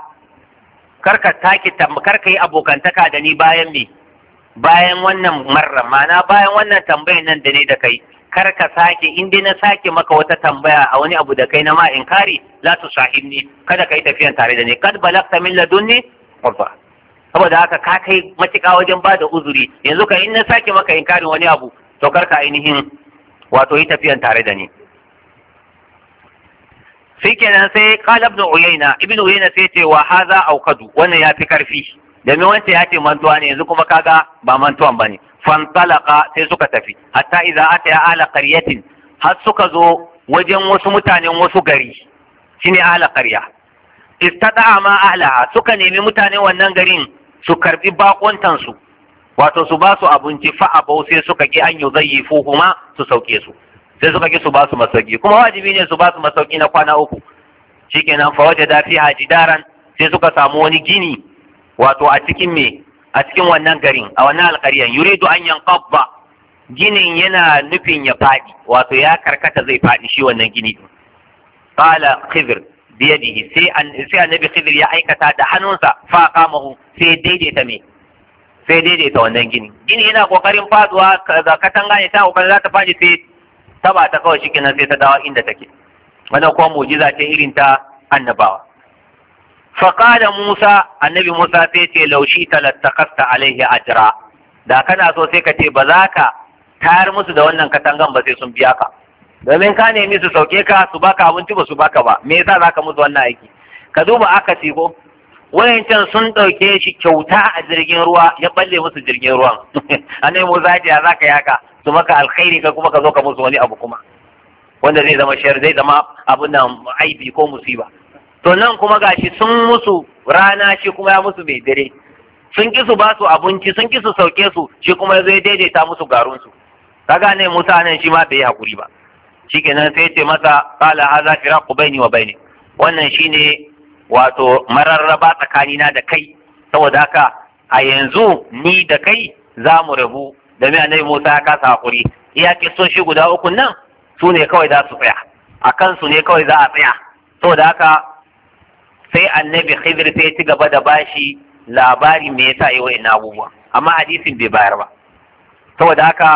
karka taki karka yi abokantaka da ni bayan me bayan wannan marra mana bayan wannan tambayar nan da ne da kai kar ka sake in dai na sake maka wata tambaya a wani abu da kai na ma inkari la tu sahibni kada kai tafiyan tare da ni kad balagta min ladunni qurba saboda haka ka kai matuƙa wajen ba da uzuri yanzu ka in na sake maka inkarin wani abu to kar ka ainihin wato yi tafiyan tare da ni shikenan sai qala ibn uyayna ibn uyayna sai ce wa hadha aukadu wannan yafi karfi mai wanda ya ce mantuwa ne yanzu kuma kaga ba mantuwan bane fantalaka sai suka tafi hatta idza ataya ala qaryatin har suka zo wajen wasu mutanen wasu gari shine ala qarya istada'a ma ahlaha suka nemi mutanen wannan garin su karbi bakon su wato su ba su abinci fa abau sai suka ki an yuzayyifu kuma su sauke su sai suka ki su ba su masauki kuma wajibi ne su ba su masauki na kwana uku shikenan fa wajada fiha jidaran sai suka samu wani gini wato a cikin me a cikin wannan garin a wannan alƙaryan yuridu an kabba ginin yana nufin ya faɗi wato ya karkata zai faɗi shi wannan gini qala khidr biyadihi sai an sai annabi khidr ya aikata da hannunsa fa qamahu sai daidaita me sai daidaita wannan gini gini yana kokarin faduwa ga katanga ne ta kokarin za ta faɗi sai ta ta kawai kenan sai ta dawo inda take wannan kuma mu'jiza ce irin ta annabawa faƙada musa annabi musa sai ce laushi talattakasta alaihi ajira da kana so sai ka ce ba za ka tayar musu da wannan katangan ba sai sun biya ka domin ka nemi su sauke ka su baka abinci ba su baka ba me yasa za ka musu wannan aiki ka duba aka ce ko wayancan sun ɗauke shi kyauta a jirgin ruwa ya balle musu jirgin ruwan <laughs> annabi musa ya ce za ka yaka su maka alkhairi ka kuma ka zo ka musu wani abu kuma wanda zai zama shar zai zama abun nan aibi ko musiba to nan kuma gashi sun musu rana shi kuma ya musu mai dare sun ki su ba su abinci sun ki su sauke su shi kuma zai daidaita musu garun su kaga ne Musa nan shi ma bai hakuri ba shikenan sai ce masa qala hadha firaq baini wa baini wannan shine wato mararraba tsakani na da kai saboda haka a yanzu ni da kai za mu rabu da mai annabi Musa ya kasa hakuri iya shi guda uku nan su ne kawai za su tsaya a kansu ne kawai za a tsaya saboda haka sai annabi khidir sai ci gaba da bashi labari me yasa yi wa'in abubuwa amma hadisin bai bayar ba saboda haka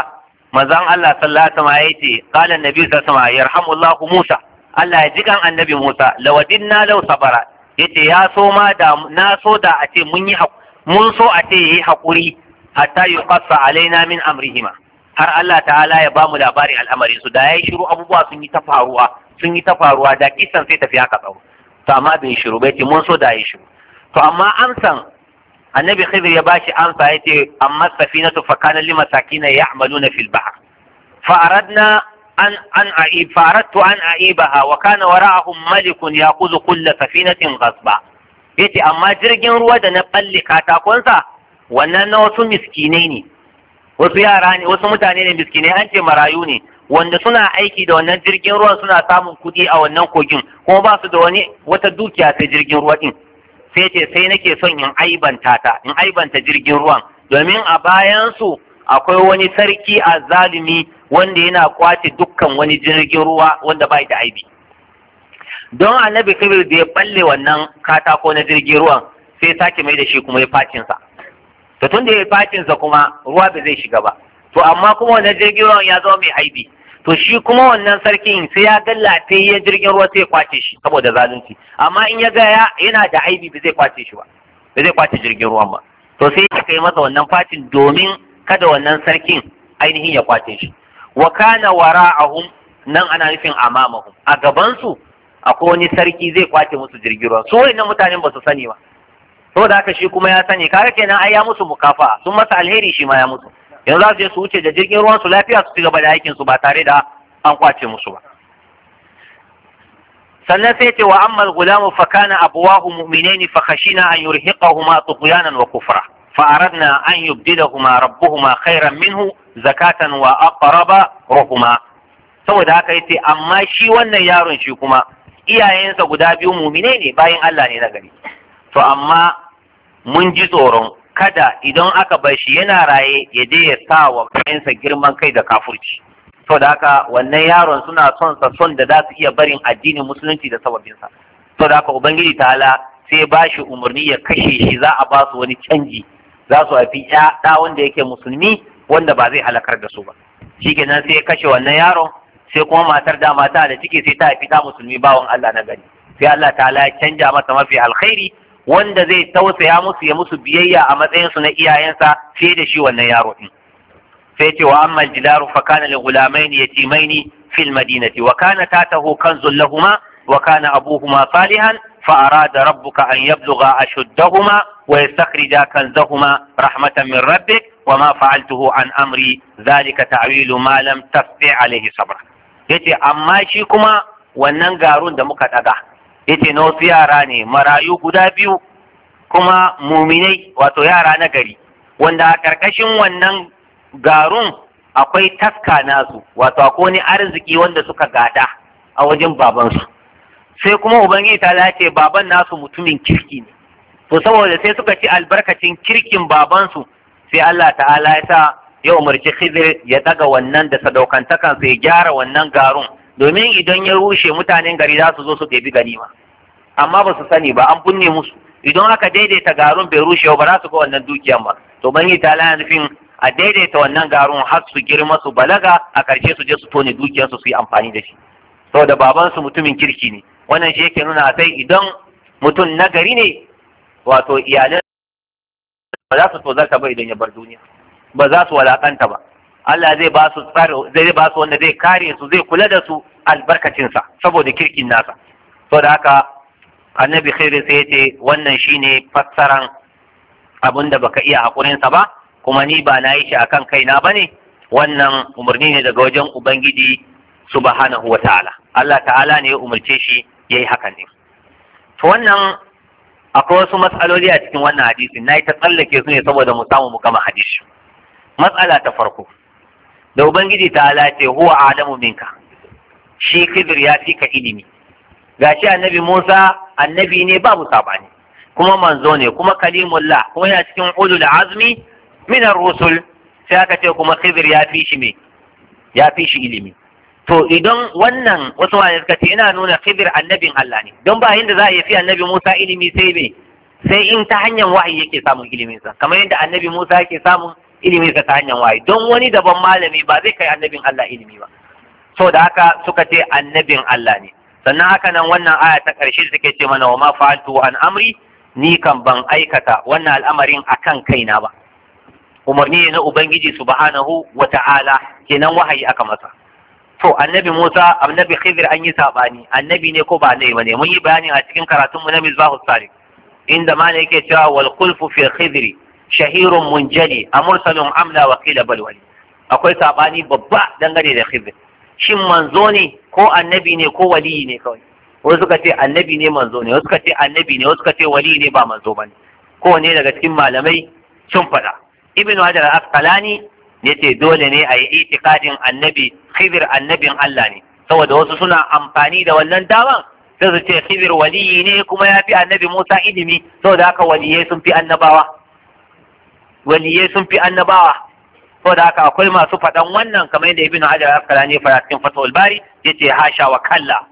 manzon Allah sallallahu alaihi wasallam yace qala annabi sallallahu alaihi wasallam yarhamullahu Musa Allah ya jikan annabi Musa lawadinna law sabara yace ya so ma da na so da a ce mun yi mun so a ce yi hakuri hatta yuqassa alaina min amrihima har Allah ta'ala ya bamu labarin al'amarin su da yayi shiru abubuwa sun yi ta faruwa sun yi ta faruwa da kisan sai tafi haka tsawo to amma bai shiru bai ce mun so da ya shiru to amma amsan annabi khidir ya bashi amsa ya ce amma safinatu fa kana lima sakina ya'maluna fil bahr fa aradna an an aib fa aradtu an aibaha wa kana wara'ahum malikun ya'khudhu kull safinatin ghasba yace amma jirgin ruwa da na balle katakonsa wannan na wasu miskinai ne wasu yara ne wasu mutane ne miskinai an ce marayu ne wanda suna aiki da wannan jirgin ruwan suna samun kuɗi a wannan kogin kuma ba su da wani wata dukiya sai jirgin ruwa din sai ce sai nake son in aibanta ta in aibanta jirgin ruwan domin a bayan su akwai wani sarki a zalimi wanda yana kwace dukkan wani jirgin ruwa wanda bai da aibi don annabi kabir da ya balle wannan katako na jirgin ruwan sai sake mai da shi kuma ya facin sa to tun da ya facin sa kuma ruwa ba zai shiga ba to amma kuma wannan jirgin ruwan ya zama mai aibi to shi kuma wannan sarkin sai ya gallate ya jirgin ruwa sai ya kwace shi saboda zalunci amma in ya ga yana da aibi ba zai kwace shi ba ba zai kwace jirgin ruwan ba to sai ya kai masa wannan fatin domin kada wannan sarkin ainihin ya kwace shi wa kana wara'ahum nan ana nufin amamahum a gaban su akwai wani sarki zai kwace musu jirgin ruwa su wayannan mutanen ba su sani ba saboda haka shi kuma ya sani kaga kenan ai ya musu mukafa sun masa alheri shi ma ya musu yanzu za su je su wuce da jirgin ruwan su lafiya su ci gaba da aikin su ba tare da an kwace musu ba sannan sai ce wa ammal gulamu fa kana abuwahu mu'minaini fa khashina an yurhiqahuma tughyanan wa kufra fa aradna an yubdilahuma rabbuhuma khairan minhu zakatan wa aqraba ruhuma saboda haka yace amma shi wannan yaron shi kuma iyayensa guda biyu muminai ne bayan Allah ne na gari to amma mun ji tsoron kada idan aka bar shi yana raye ya je ya sa wa kayansa girman kai da kafurci to da haka wannan yaron suna son sa son da za su iya barin addinin musulunci da sababinsa to da haka ubangiji hala sai ba shi umarni ya kashe shi za a ba su wani canji za su haifi ɗa wanda yake musulmi wanda ba zai halakar da su ba shikenan sai ya kashe wannan yaron sai kuma matar da mata da ciki sai ta haifi ta musulmi bawan Allah na gani. sai Allah ta hala ya canja masa mafi alkhairi wanda zai tausaya musu ya musu biyayya a matsayinsu na iyayensa fiye da shi wannan yaro din sai ce wa amma jidaru fa kana li ghulamaini yatimaini fil madinati wa kana tatahu kanzul lahuma wa kana abuhuma salihan fa arada rabbuka an yablugha ashuddahuma wa yastakhrija kanzahuma rahmatan min rabbik wa ma fa'altuhu an amri zalika ta'wilu ma lam tasti alayhi sabra yace amma shi kuma wannan garun da muka daga yace na wasu yara ne marayu guda biyu kuma muminai wato yara na gari wanda a ƙarƙashin wannan garun akwai taska nasu wato akwai wani arziki wanda suka gada a wajen babansu sai kuma ubangiji ta ce baban nasu mutumin kirki ne to saboda sai suka ci albarkacin kirkin babansu sai Allah ta'ala ya sa ya umarci Khidir ya daga wannan da sadaukantakan ya gyara wannan garun domin idan ya rushe mutanen gari za su zo su ɗebi ganima amma ba su sani ba an kunne musu idan aka daidaita garun bai rushe ba za su ga wannan dukiyan ba to ban yi ta ya nufin a daidaita wannan garun har su girma su balaga a ƙarshe su je su tone dukiyarsu su yi amfani da shi saboda babansu mutumin kirki ne wannan shi yake nuna sai idan mutum nagari ne wato iyalan ba za su tozarta ba idan ya bar duniya ba za su walakanta ba Allah zai ba su zai ba su wanda zai kare su zai kula da su albarkacinsa saboda kirkin nasa saboda haka annabi khairu sai yace wannan shine fassaran abin baka iya sa ba kuma ni ba na yi shi akan kaina bane wannan umarni ne daga wajen ubangiji subhanahu ta'ala. Allah ta'ala ne ya umarce shi yayi hakan ne to wannan akwai wasu matsaloli a cikin wannan hadisin na yi ta tsallake su ne saboda mu samu mu gama hadisi matsala ta farko da ubangiji ta halace huwa adamu minka shi kibir ya fi ka ilimi gashi annabi musa annabi ne babu sabani kuma manzo ne kuma kalimullah kuma yana cikin ulul azumi, min rusul sai aka ce kuma kibir ya fi shi me ya fi shi ilimi to idan wannan wasu wani suka ce yana nuna kibir annabin Allah ne don ba yadda za a yi fi annabi musa ilimi sai me sai in ta hanyar wahayi yake samun iliminsa kamar yadda annabi musa yake samun ilimi ta hanyar waye, don wani daban malami ba zai kai annabin Allah ilimi ba da haka suka ce annabin Allah ne sannan haka nan wannan aya ta karshe suke ce mana wa ma fa'altu an amri ni kan ban aikata wannan al'amarin akan kaina ba umarni ne na ubangiji subhanahu wata'ala kenan wahayi aka masa to annabi Musa annabi Khidir an yi sabani annabi ne ko ba ne bane mun yi bayani a cikin karatun mu na Misbahus Salih inda ma ne yake cewa wal qulfu fi Khidri shahirun munjali a mursalin amla wa kila balwali akwai sabani babba dangane da khidr shin manzo ne ko annabi ne ko waliyi ne kawai wasu suka ce annabi ne manzo ne wasu suka ce annabi ne wasu suka ce waliyi ne ba manzo bane kowane daga cikin malamai sun faɗa ibnu hajar al-asqalani ne ce dole ne a yi itikadin annabi khidr annabin Allah ne saboda wasu suna amfani da wannan daman sai su ce khidr waliyi ne kuma ya fi annabi Musa ilimi saboda haka waliyai sun fi annabawa waliyai sun fi annabawa da haka akwai masu faɗan wannan kamar yadda ibnu hajar asqalani fara cikin fatul bari yace hasha wa kalla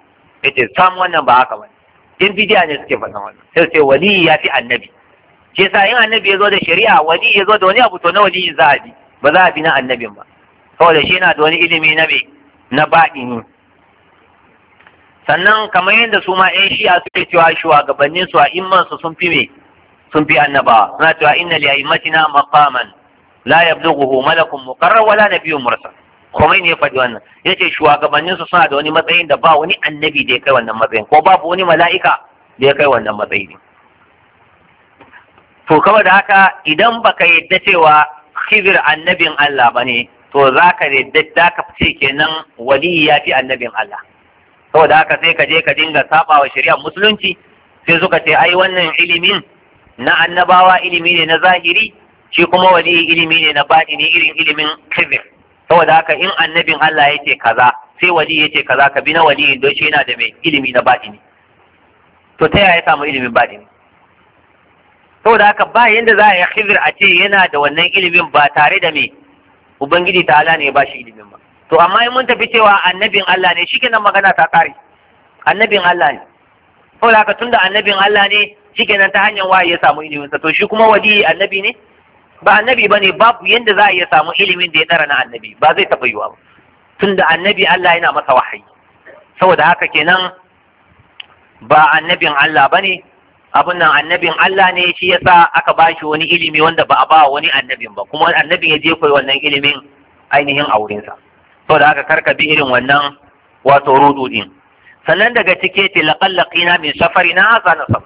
yace sam wannan ba haka bane in bidiya ne suke faɗan wannan sai sai wali ya fi annabi Ke sa in annabi ya zo da shari'a wali ya zo da wani abu to na wali za a bi ba za a bi na annabin ba saboda shi yana da wani ilimi na bai na baɗini sannan kamar yadda su ma 'yan shi'a suke cewa su a imansu sun fi me sun fi annabawa suna cewa inna li aimatina maqaman la yablughuhu malakun muqarrar wala nabiyyun mursal komai ne ya faɗi wannan yace shugabanninsu suna da wani matsayin da ba wani annabi da ya kai wannan matsayin ko babu wani mala'ika da ya kai wannan matsayin. to kawai da haka idan baka yadda cewa khibir annabin Allah bane to zaka yadda zaka fice kenan waliyi ya fi annabin Allah saboda haka sai ka je ka dinga sabawa shari'ar musulunci sai suka ce ai wannan ilimin na annabawa ilimi ne na zahiri shi kuma wali ilimi ne na baɗi ne irin ilimin kibir saboda haka in annabin Allah ya ce kaza sai wali ya ce kaza ka bi na wali don shi yana da mai ilimi na baɗi ne to ta yaya samu ilimin baɗi ne saboda haka ba yanda za a yi kibir a ce yana da wannan ilimin ba tare da mai ubangiji ta ala ne ya ba shi ilimin ba to amma in mun tafi cewa annabin Allah ne shi kenan magana ta kare annabin Allah ne saboda haka tunda annabin Allah ne kenan ta hanyar waye ya samu ilimin sa to shi kuma wali annabi ne ba annabi bane babu yanda za a iya samu ilimin da ya tsara na annabi ba zai taɓa yiwa ba tunda annabi Allah yana masa wahayi saboda haka kenan ba annabin Allah bane abin nan annabin Allah ne shi yasa aka ba bashi wani ilimi wanda ba a ba wani annabin ba kuma annabin ya je koyi wannan ilimin ainihin a wurinsa saboda haka karka bi irin wannan wato rudu din sannan daga cike ce laqallaqina min safarina na nasab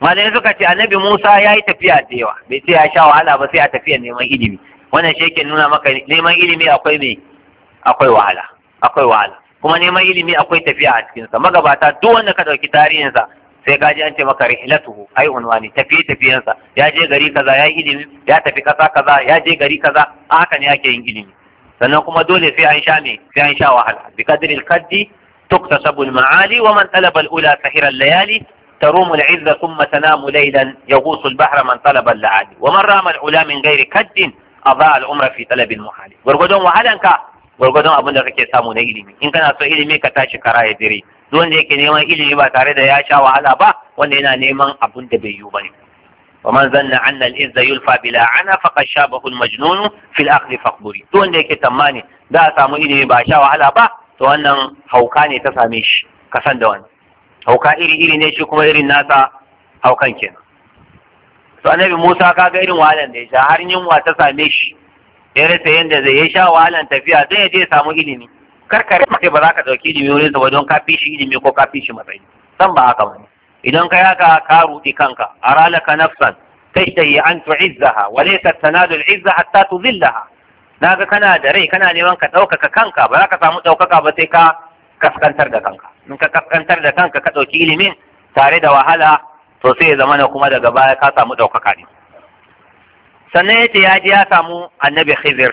malamai suka ce annabi Musa ya yi tafiya da yawa bai ce ya sha wahala ba sai a tafiya neman ilimi wannan shi yake nuna maka neman ilimi akwai me akwai wahala akwai wahala kuma neman ilimi akwai tafiya a cikinsa magabata duk wanda ka ɗauki tarihinsa sai ka ji an ce maka rihlatuhu ai unwani tafiye tafiyensa ya je gari kaza ya yi ilimi ya tafi kasa kaza ya je gari kaza haka ne ake yin ilimi sannan kuma dole sai an sha me sai an sha wahala bi kadril kaddi tuktasabu maali wa man talaba ula Sahiran layali تروم العزة ثم تنام ليلا يغوص البحر من طلب اللعاب ومن رام العلا من غير كد أضاع العمر في طلب المحال gwargwadon wahalanka gwargwadon abin da kake samu na ilimi in kana so ilimi ka tashi kara ya dire duk wanda yake neman ilimi ba tare da ya sha wahala ba wanda yana neman abun da bai yi ba ne wa man zanna anna al-izza yulfa bila ana faqad shabahu al-majnun fi al-aqli faqburi duk wanda yake tamani za a samu ilimi ba sha wahala ba to wannan hauka ne ta same shi ka san da wannan hauka iri iri ne shi kuma irin nasa haukan kenan to annabi Musa kaga irin wahalan da ya sha har yunwa ta same shi ya rasa yadda zai ya sha wahalan tafiya sai ya je samu ilimi karkare sai ba za ka dauki ilimi wurin sa don ka shi ilimi ko ka shi matsayi Zan ba haka bane idan ka yaka ka rudi kanka aralaka nafsan tashtahi an tu'izzaha wa laysa tanadu ta izza hatta tuzillaha naga kana da rai kana neman ka ɗaukaka kanka ba za ka samu ɗaukaka ba sai ka kaskantar da kanka in ka kaskantar da kanka ka ɗauki ilimin tare da wahala to sai ya zama kuma daga baya ka samu ɗaukaka ne sannan ya ce ya ji ya samu annabi khizir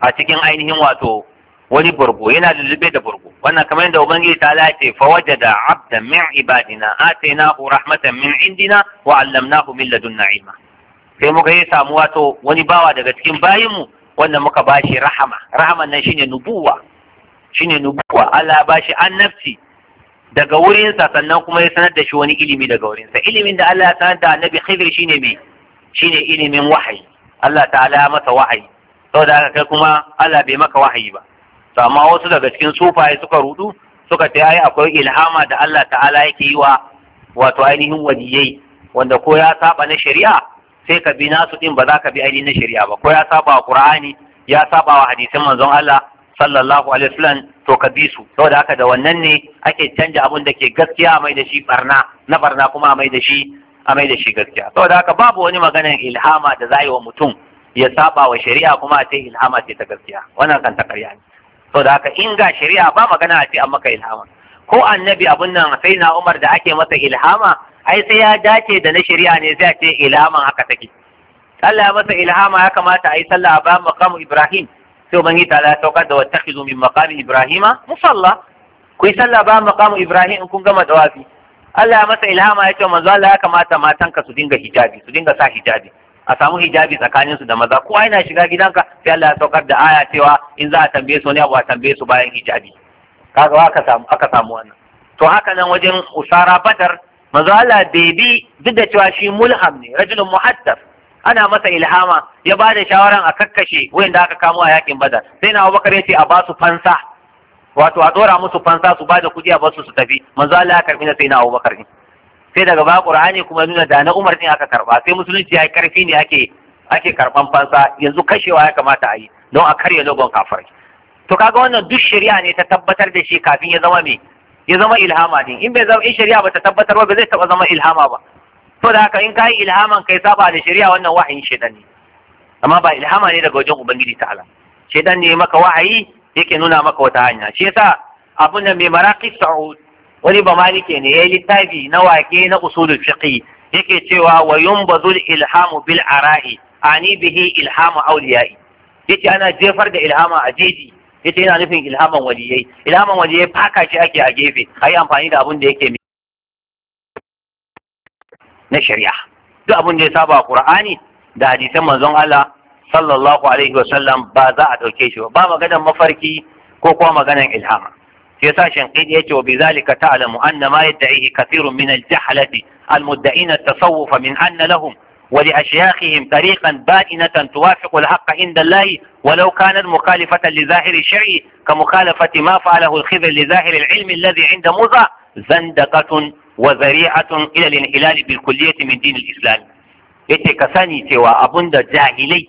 a cikin ainihin wato wani burgo yana lullube da burgo wannan kamar yadda ubangiji ta lace fa da abdan min ibadina atainahu rahmatan min indina wa allamnahu min ladun Na'ima?" sai muka yi samu wato wani bawa daga cikin bayinmu wanda muka bashi rahama rahaman nan shine nubuwa shine nubuwa Allah ba shi annabci daga wurinsa sannan kuma ya sanar da shi wani ilimi daga wurinsa ilimin da Allah ya sanar da annabi Khidir shine me shine ilimin wahayi Allah ta'ala ya masa wahayi saboda haka kai kuma Allah bai maka wahayi ba to amma wasu daga cikin sufaye suka rudu suka ce ai akwai ilhama da Allah ta'ala yake yi wa wato ainihin waliyai wanda ko ya saba na shari'a sai ka bi nasu din ba za ka bi ainihin na shari'a ba ko ya saba wa Qur'ani ya saba wa hadisin manzon Allah sallallahu alaihi wasallam to ka bi su saboda haka da wannan ne ake canja abun da ke gaskiya a mai da shi barna na barna kuma a mai da shi a mai da shi gaskiya saboda haka babu wani maganar ilhama da za yi wa mutum ya saba wa shari'a kuma a ce ilhama ce ta gaskiya wannan kan ta karya ne saboda haka in ga shari'a ba magana a ce an maka ilhama ko annabi abun nan sai na Umar da ake masa ilhama ai sai ya dace da na shari'a ne sai a ce ilhaman haka take Allah ya masa ilhama ya kamata a yi sallah a bayan makamu Ibrahim sai ubangi ta la saukar da wattakhidhu min maqami ibrahima musalla ku yi sallah ba maqamu ibrahim in kun gama dawafi Allah ya masa ilhama ya ce manzo Allah ya kamata matanka su dinga hijabi su dinga sa hijabi a samu hijabi tsakaninsu da maza kowa yana shiga gidanka sai Allah ya saukar da aya cewa in za a tambaye su ne abu a tambaye su bayan hijabi kaga aka samu aka samu wannan to haka nan wajen usara badar manzo Allah bai bi duk da cewa shi mulham ne rajulun muhaddaf ana masa ilhama ya ba da shawaran a kakkashe wayanda aka kamo a yakin badar sai na abubakar ya ce a ba su fansa wato a dora musu fansa su ba da kuɗi a basu su tafi manzo Allah ya karbi na sai na abubakar ne sai daga ba qur'ani kuma nuna da na umar din aka karba sai musulunci ya karfi ne ake ake karban fansa yanzu kashewa ya kamata a yi don a karya logon kafirai to kaga wannan duk shari'a ne ta tabbatar da shi kafin ya zama me ya zama ilhama din in bai zama in shari'a ba ta tabbatar ba ba zai taba zama ilhama ba to da haka in kai ilhaman kai saba da shari'a wannan wahayin shedan ne amma ba ilhama ne daga wajen ubangiji ta'ala shedan ne maka wahayi yake nuna maka wata hanya shi yasa abun da mai maraqi sa'ud wani ba malike ne yayi littafi na wake na usulul fiqh yake cewa wa yunbazul ilhamu bil ara'i ani bihi ilhamu awliya'i yace ana jefar da ilhama a jeji yace yana nufin ilhaman waliyai ilhaman waliyai faka ce ake a gefe ayi amfani da abun da yake na shari'a duk abin da ya saba qur'ani da hadisan manzon Allah sallallahu alaihi wasallam ba za a dauke shi ba maganar mafarki ko kuma maganan ilhama sai sa shinqidi yace wa bizalika ta'lamu anna ma yad'ihi kathirun min al-jahlati al-mudda'ina at min anna lahum ولأشياخهم طريقا بائنة توافق الحق عند الله ولو كانت مخالفة لظاهر الشرع كمخالفة ما فعله الخضر لظاهر العلم الذي inda موسى زندقة wa zari'atun ila lin bil kulliyati min dinil islam yace ka sani cewa abun da jahilai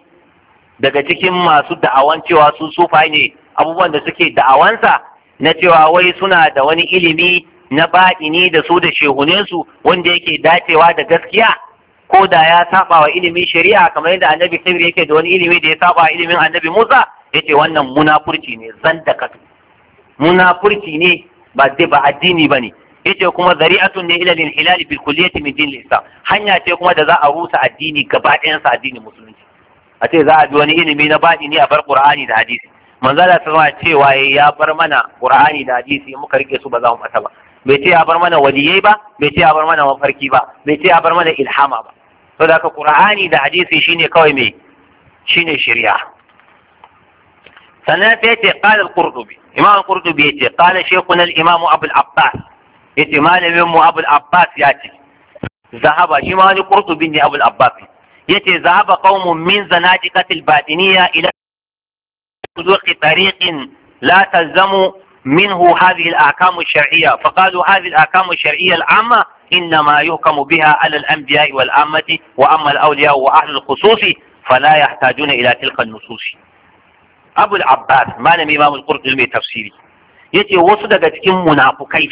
daga cikin masu da'awan cewa su sufa ne abubuwan da suke da'awansa na cewa wai suna da wani ilimi na baɗini da su da shehunensu wanda yake dacewa da gaskiya ko da ya saba wa ilimin shari'a kamar yadda annabi kabir yake da wani ilimi da ya saba wa ilimin annabi musa yace wannan munafurci ne ka. munafurci ne ba ba addini bane yace kuma zari'atun ne ila lil hilal bil kulliyati min din islam hanya ce kuma da za a rusa addini gaba ɗayan sa addinin musulunci a ce za a bi wani ilimi na baɗi ne a bar qur'ani da hadisi manzo Allah sama cewa ya bar mana qur'ani da hadisi muka rike su ba za mu ba bai ce ya bar mana waliyai ba bai ce ya bar mana mafarki ba bai ce ya bar mana ilhama ba saboda haka qur'ani da hadisi shine kawai me shine shari'a sannan sai ce qala al-qurtubi imam al-qurtubi ce qala shaykhuna al-imam abu al-abbas yace malamin mu abul abbas ya ce zahaba shi ma wani qurtubi ne abul abbas yace zahaba qaumun min zanadiqatil batiniya ila طرق طريق لا تلزم منه هذه الأحكام الشرعية فقالوا هذه الأحكام الشرعية العامة إنما يحكم بها على الأنبياء والعامة وأما الأولياء وأهل الخصوص فلا يحتاجون إلى تلك النصوص أبو العباس ما نمي إمام القرطبي تفسيري يتي وصدق تكون منافقين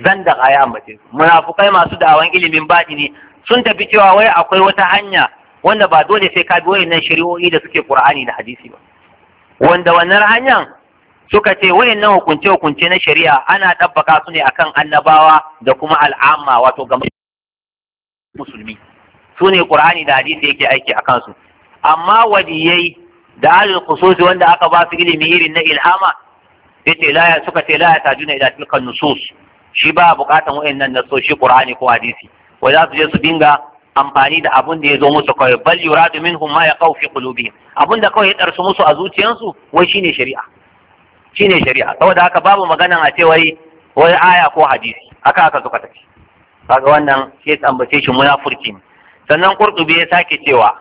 zanda a ambace munafukai masu da'awan ilimin baɗi ne sun tafi cewa wai akwai wata hanya wanda ba dole sai ka bi wayannan shari'o'i da suke Qur'ani da hadisi ba wanda wannan hanyar suka ce wayannan hukunce hukunce na shari'a ana ɗabbaka su ne akan annabawa da kuma al'amma wato ga musulmi su ne Qur'ani da hadisi yake aiki a kansu amma wadiyai da alil khususi wanda aka ba su ilimi irin na ilhama yace la suka ce la ya tajuna ila tilkan nusus shi ba a bukatan wayannan shi qur'ani ko hadisi wai za su je su dinga amfani da abun da ya zo musu kawai bal yuradu minhum ma yaqaw fi qulubihim abun da kawai ya darsu musu a zuciyansu wai shine shari'a shine shari'a saboda haka babu magana a ce wai wai aya ko hadisi haka haka suka tafi kaga wannan sai ambace shi munafurci sannan qurtubi ya sake cewa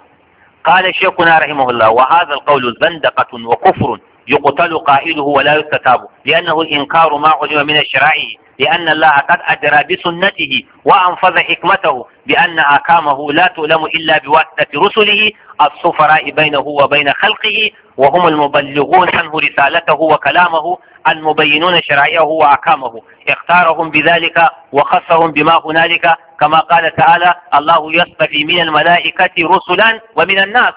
قال شيخنا رحمه الله وهذا القول wa وكفر يقتل قائله ولا يستتاب لأنه إنكار ما علم من الشرائع لأن الله قد أدرى بسنته وأنفذ حكمته بأن أحكامه لا تؤلم إلا بواسطة رسله السفراء بينه وبين خلقه وهم المبلغون عنه رسالته وكلامه المبينون شرعيه وأحكامه اختارهم بذلك وخصهم بما هنالك كما قال تعالى الله يصطفي من الملائكة رسلا ومن الناس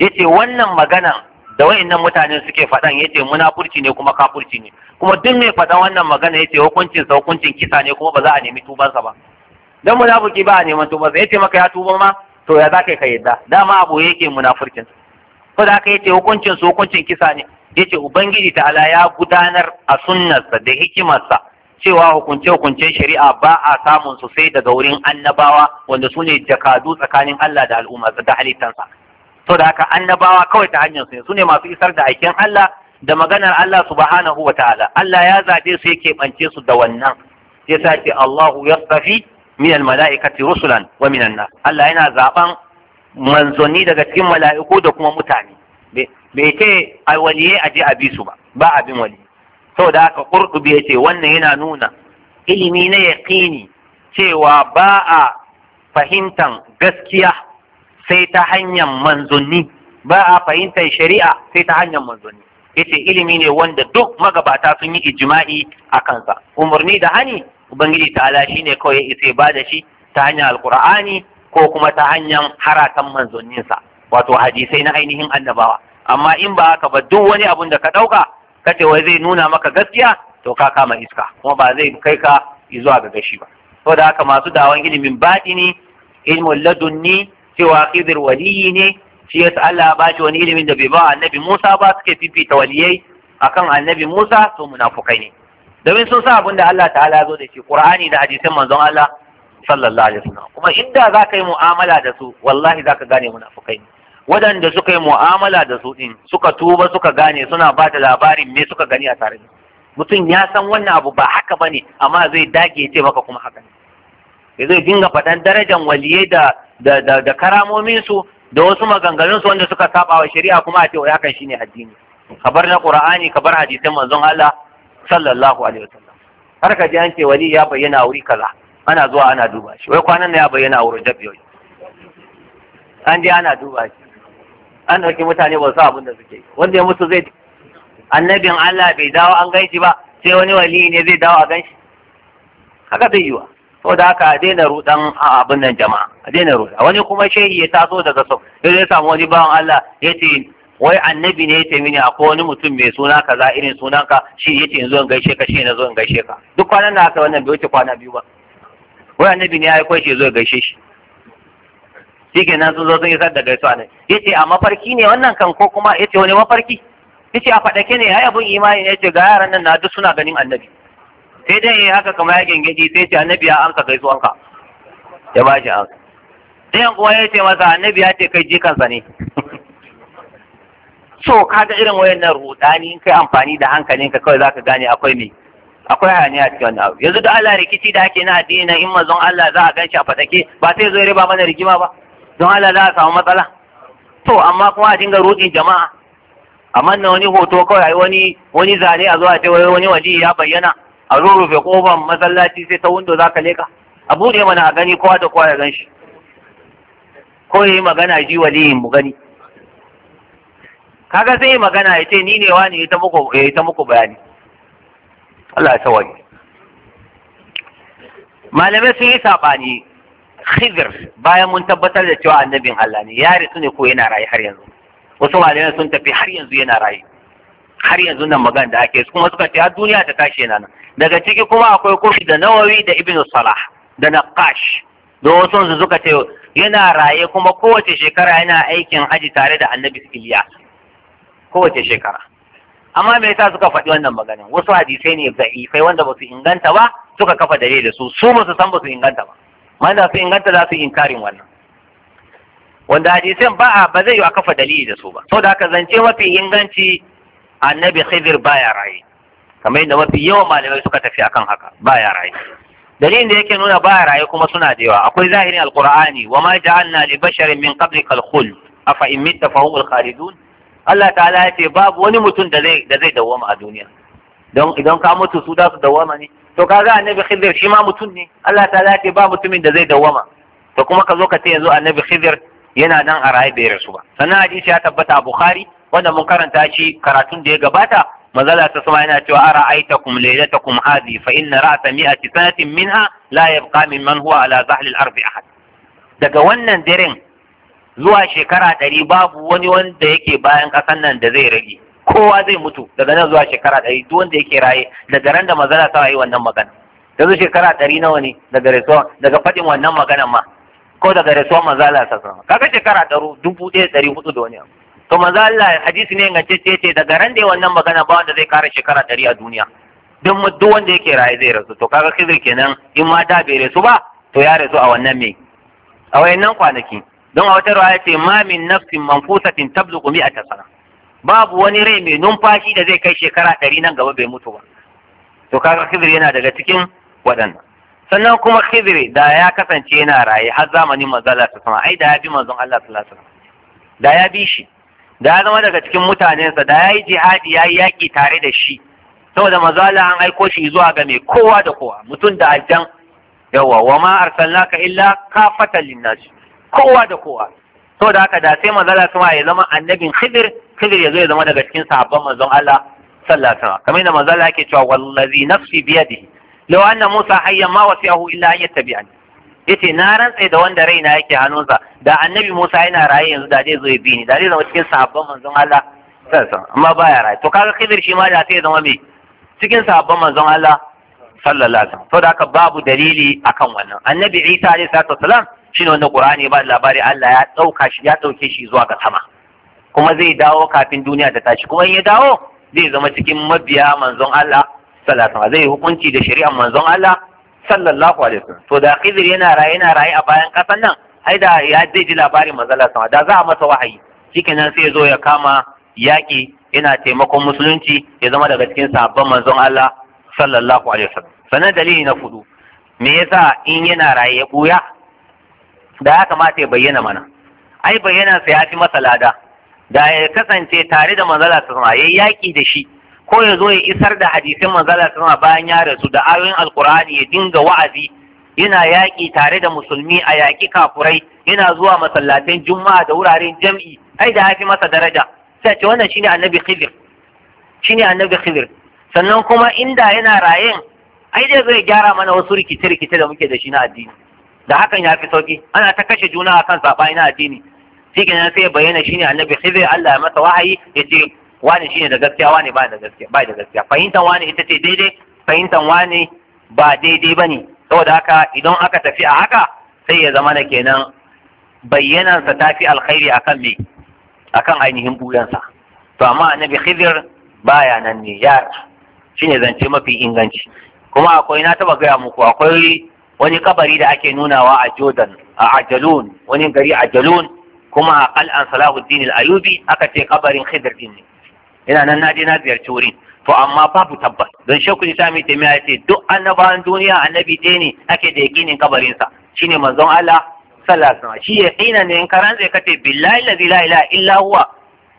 يتي wannan magana da wayannan mutane suke faɗan yace munafurci ne kuma kafurci ne kuma duk mai faɗan wannan magana yace hukuncin sa hukuncin kisa ne kuma ba za a nemi tuban sa ba dan munafiki ba a neman tuban sa yace maka ya tuba ma to ya zaka ka yadda dama abu yake munafurcin ko da aka yace hukuncin sa hukuncin kisa ne yace ubangiji ta'ala ya gudanar a sunnarsa da hikimarsa cewa hukunce-hukuncen shari'a ba a samun su sai daga wurin annabawa wanda su ne jakadu tsakanin Allah da al'ummarsa da halittansa da haka annabawa kawai ta hanyar su ne su ne masu isar da aikin Allah da maganar Allah subhanahu wa ta'ala Allah ya zaɓe su yake bance su da wannan sa ce Allahu yastafi min mala'ikati, rusulan wa minan nas Allah yana zaban manzoni daga cikin mala'iku da kuma mutane bai ce ai waliye aje a bi su ba ba abin wali saboda haka qurtubi yace wannan yana nuna ilimi na yaqini cewa ba a fahimtan gaskiya sai ta hanyar manzanni ba a fahimtar shari'a sai ta hanyar manzanni yace ilimi ne wanda duk magabata sun yi ijma'i a kansa umarni da hani ubangiji ta'ala shine kawai ya isa ba da shi ta hanyar alqur'ani ko kuma ta hanyar haratan manzanninsa wato hadisai na ainihin annabawa amma in ba haka ba duk wani abun da ka ɗauka ce wai zai nuna maka gaskiya to ka kama iska kuma ba zai kai ka zuwa ga gashi ba saboda haka masu dawon ilimin baɗini ilmin ladunni cewa khidir waliyi ne shi yasa Allah ba shi wani ilimin da bai ba annabi Musa ba suke fifita waliyai akan annabi Musa to munafukai ne domin sun sa abin da Allah ta'ala zo da shi Qur'ani da hadisin manzon Allah sallallahu alaihi wasallam kuma inda za ka yi mu'amala da su wallahi za ka gane munafukai ne waɗanda suka yi mu'amala da su din suka tuba suka gane suna ba da labarin me suka gani a tare da mutum ya san wannan abu ba haka bane amma zai dage ya ce maka kuma haka ne zai dinga faɗan darajar waliyai da da da da karamomin su da wasu maganganun su wanda suka saba wa shari'a kuma a ce wai hakan shine addini kabar na qur'ani kabar hadisin manzon Allah sallallahu alaihi wasallam har ka ji an ce wali ya bayyana wuri kaza ana zuwa ana duba shi wai kwanan ya bayyana a wurin dabiyoyi an je ana duba shi an dauki mutane ba su abin da suke wanda ya mutu zai annabin Allah bai dawo an gaishi ba sai wani wali ne zai dawo a ganshi haka zai yiwa so da haka a daina rudan abin nan jama'a a daina rudan wani kuma shehi ya taso daga sau sai ya samu wani bawan Allah ya ce wai annabi ne ya ce mini akwai wani mutum mai suna kaza irin sunan ka shi ya ce in zo in gaishe ka shi na zo in gaishe ka duk kwanan na haka wannan bai wuce kwana biyu ba wai annabi ne ya aiko shi zo gaishe shi shi nan sun zo sun isar da gaisuwa ne ya ce a mafarki ne wannan kan ko kuma ya ce wani mafarki ya ce a faɗake ne ya abin imani ne ya ce ga yaran nan na duk suna ganin annabi sai dai yi haka kamar ya gengeji sai ce annabi ya amsa gaisuwanka ya ba shi amsa yan kuma ya ce masa annabi ya ce kai jikansa ne <laughs> so kaga irin wayannan rudani in kai amfani da ka kawai zaka gane akwai me akwai hayaniya a cikin wannan abu yanzu da Allah rikici da ake na addini na in mazon Allah za a ganshi a fatake ba sai zo riba mana rigima ba don Allah za a samu matsala to amma kuma a dinga rudin jama'a amma na wani hoto kawai wani wani zane a zo a ce wani wali ya bayyana a rurrufe kofan masallaci sai ta za zaka leka a buɗe mana a gani kowa da kowa ya gan shi ko yi magana ji waliyin mu gani kaga sai magana ya ce ni ne wani ya yi ta muku bayani Allah ya sawaye malamai sun yi saɓani khidr bayan mun tabbatar da cewa annabin Allah ne ya risu ne ko yana rayu har yanzu wasu malamai sun tafi har yanzu yana rayu har yanzu nan magana da ake kuma suka ce har duniya ta tashi nan daga ciki kuma akwai kurfi da nawawi da ibnu salah da naqash da wasu su suka ce yana raye kuma kowace shekara yana aikin haji tare da annabi sikiliya kowace shekara amma me yasa suka faɗi wannan magana wasu hadisai ne da'ifai wanda ba su inganta ba suka kafa dare da su su ba su san ba su inganta ba mana su inganta za su inkarin wannan wanda hadisan ba ba zai yi a kafa dalili da su ba saboda haka zance mafi inganci annabi khidir baya raye kamar yadda mafi yawan malamai suka tafi akan haka baya raye dalilin da yake nuna baya raye kuma suna da yawa akwai zahirin alqur'ani wa ma ja'alna li basharin min qablika al-khuld afa in mitta fa humul khalidun Allah ta'ala ya ce babu wani mutum da zai da zai dawwama a duniya don idan ka mutu su da su dawwama ne to kaga annabi khidir shi ma mutum ne Allah ta'ala ya ce ba mutumin da zai dawwama to kuma ka zo ka ce yanzu annabi khidir yana nan a raye bai rasu ba sannan hadisi ya tabbata a bukhari wanda mun karanta shi karatun da ya gabata manzala ta sama yana cewa ara Aita-kun, aitakum laylatakum Hazi, fa inna ra'sa mi'ati sanatin minha la yabqa man huwa ala zahli al-ardi ahad daga wannan daren zuwa shekara ɗari babu wani wanda yake bayan ƙasan nan da zai rage kowa zai mutu daga nan zuwa shekara ɗari duk wanda yake raye daga ran da manzala ta yi wannan magana yanzu shekara ɗari nawa ne daga rasuwa daga faɗin wannan maganan ma ko daga rasuwa manzala ta sama kaga shekara ɗaro dubu ɗaya ɗari hudu da wani abu to maza Allah hadisi ne ingantacce ce daga ran da wannan magana ba wanda zai kare shekara dari a duniya duk duk wanda yake raye zai rasu to kaga kizir kenan in ma da bai rasu ba to ya rasu a wannan me a wayannan kwanaki don a wata ruwaya ce ma min nafsin manfusatin tabluqu mi'ata sana babu wani rai mai numfashi da zai kai shekara ɗari nan gaba bai mutu ba to kaga kizir yana daga cikin waɗannan sannan kuma khidir da ya kasance yana raye har zamanin manzo Allah sallallahu alaihi wasallam ai da ya bi manzon Allah sallallahu alaihi wasallam da ya bi shi da ya zama daga cikin mutanensa da ya yi jihadi ya yi yaƙi tare da shi saboda mazala an aiko shi zuwa ga mai kowa da kowa mutum da aljan yawa wa ma ka illa kafatan linnas kowa da kowa saboda haka da sai mazala kuma ya zama annabin khidir khidir ya zo ya zama daga cikin sahabban manzon Allah sallallahu alaihi wasallam kamar yadda mazala yake cewa wallazi nafsi biyadihi law anna musa hayya ma wasi'ahu illa an yattabi'ani yace na rantse da wanda raina yake hannunsa da annabi Musa yana raye yanzu da zai zo ya bi ni da zai zama cikin sahabban manzon Allah sallallahu amma baya raye to kaga Khidir shi ma da sai zama me cikin sahabban manzon Allah sallallahu alaihi wasallam to da haka babu dalili akan wannan annabi Isa alaihi salatu wasalam shine wanda Qur'ani ba labari Allah ya dauka shi ya dauke shi zuwa ga sama kuma zai dawo kafin duniya ta tashi kuma in ya dawo zai zama cikin mabiya manzon Allah sallallahu alaihi zai hukunci da shari'ar manzon Allah sallallahu alaihi wasallam to da khidir yana raye yana raye a bayan kasan nan ai da ya zai ji labarin manzala sama da za a masa wahayi shikenan sai ya zo ya kama yaki yana taimakon musulunci ya zama daga cikin sabon manzon Allah sallallahu alaihi wasallam sannan dalili na fudu me yasa in yana raye ya buya da ya kamata ya bayyana mana ai bayyana sa ya fi masa da ya kasance tare da manzala sama yayi yaƙi da shi ko ya zo ya isar da hadisin manzala sama bayan ya rasu da ayoyin alkur'ani ya dinga wa'azi yana yaƙi tare da musulmi a yaƙi kafurai yana zuwa masallatan juma'a da wuraren jam'i ai da hafi masa daraja sai ce wannan shine annabi khidir shine annabi khidir sannan kuma inda yana rayen ai dai zai gyara mana wasu rikice-rikice da muke da shi na addini da hakan ya fi sauki ana ta kashe juna akan saɓani na addini shi sai ya bayyana shine annabi khidir Allah ya masa wahayi ya ce wani ne da gaskiya wani ba da gaskiya ba da gaskiya fahimtar wani ita ce daidai fahimtar wani ba daidai bane saboda haka idan aka tafi a haka sai ya zama na kenan bayyanansa ta fi alkhairi akan me akan ainihin buyansa to amma annabi khidir ya nan ne ya shine zance mafi inganci kuma akwai na taba gaya muku akwai wani kabari da ake nunawa a Jordan a Ajalun wani gari Ajalun kuma a al'an Salahuddin al-Ayubi aka ce kabarin Khidir din ne ina nan na je na ziyarci wurin to amma babu tabbas don shekku isa mai taimiya ya ce duk annabawan duniya annabi ɗaya ne ake da yaƙinin kabarinsa shine manzon Allah sallallahu alaihi shi yaqina ne in karan zai kace billahi la ilaha illa huwa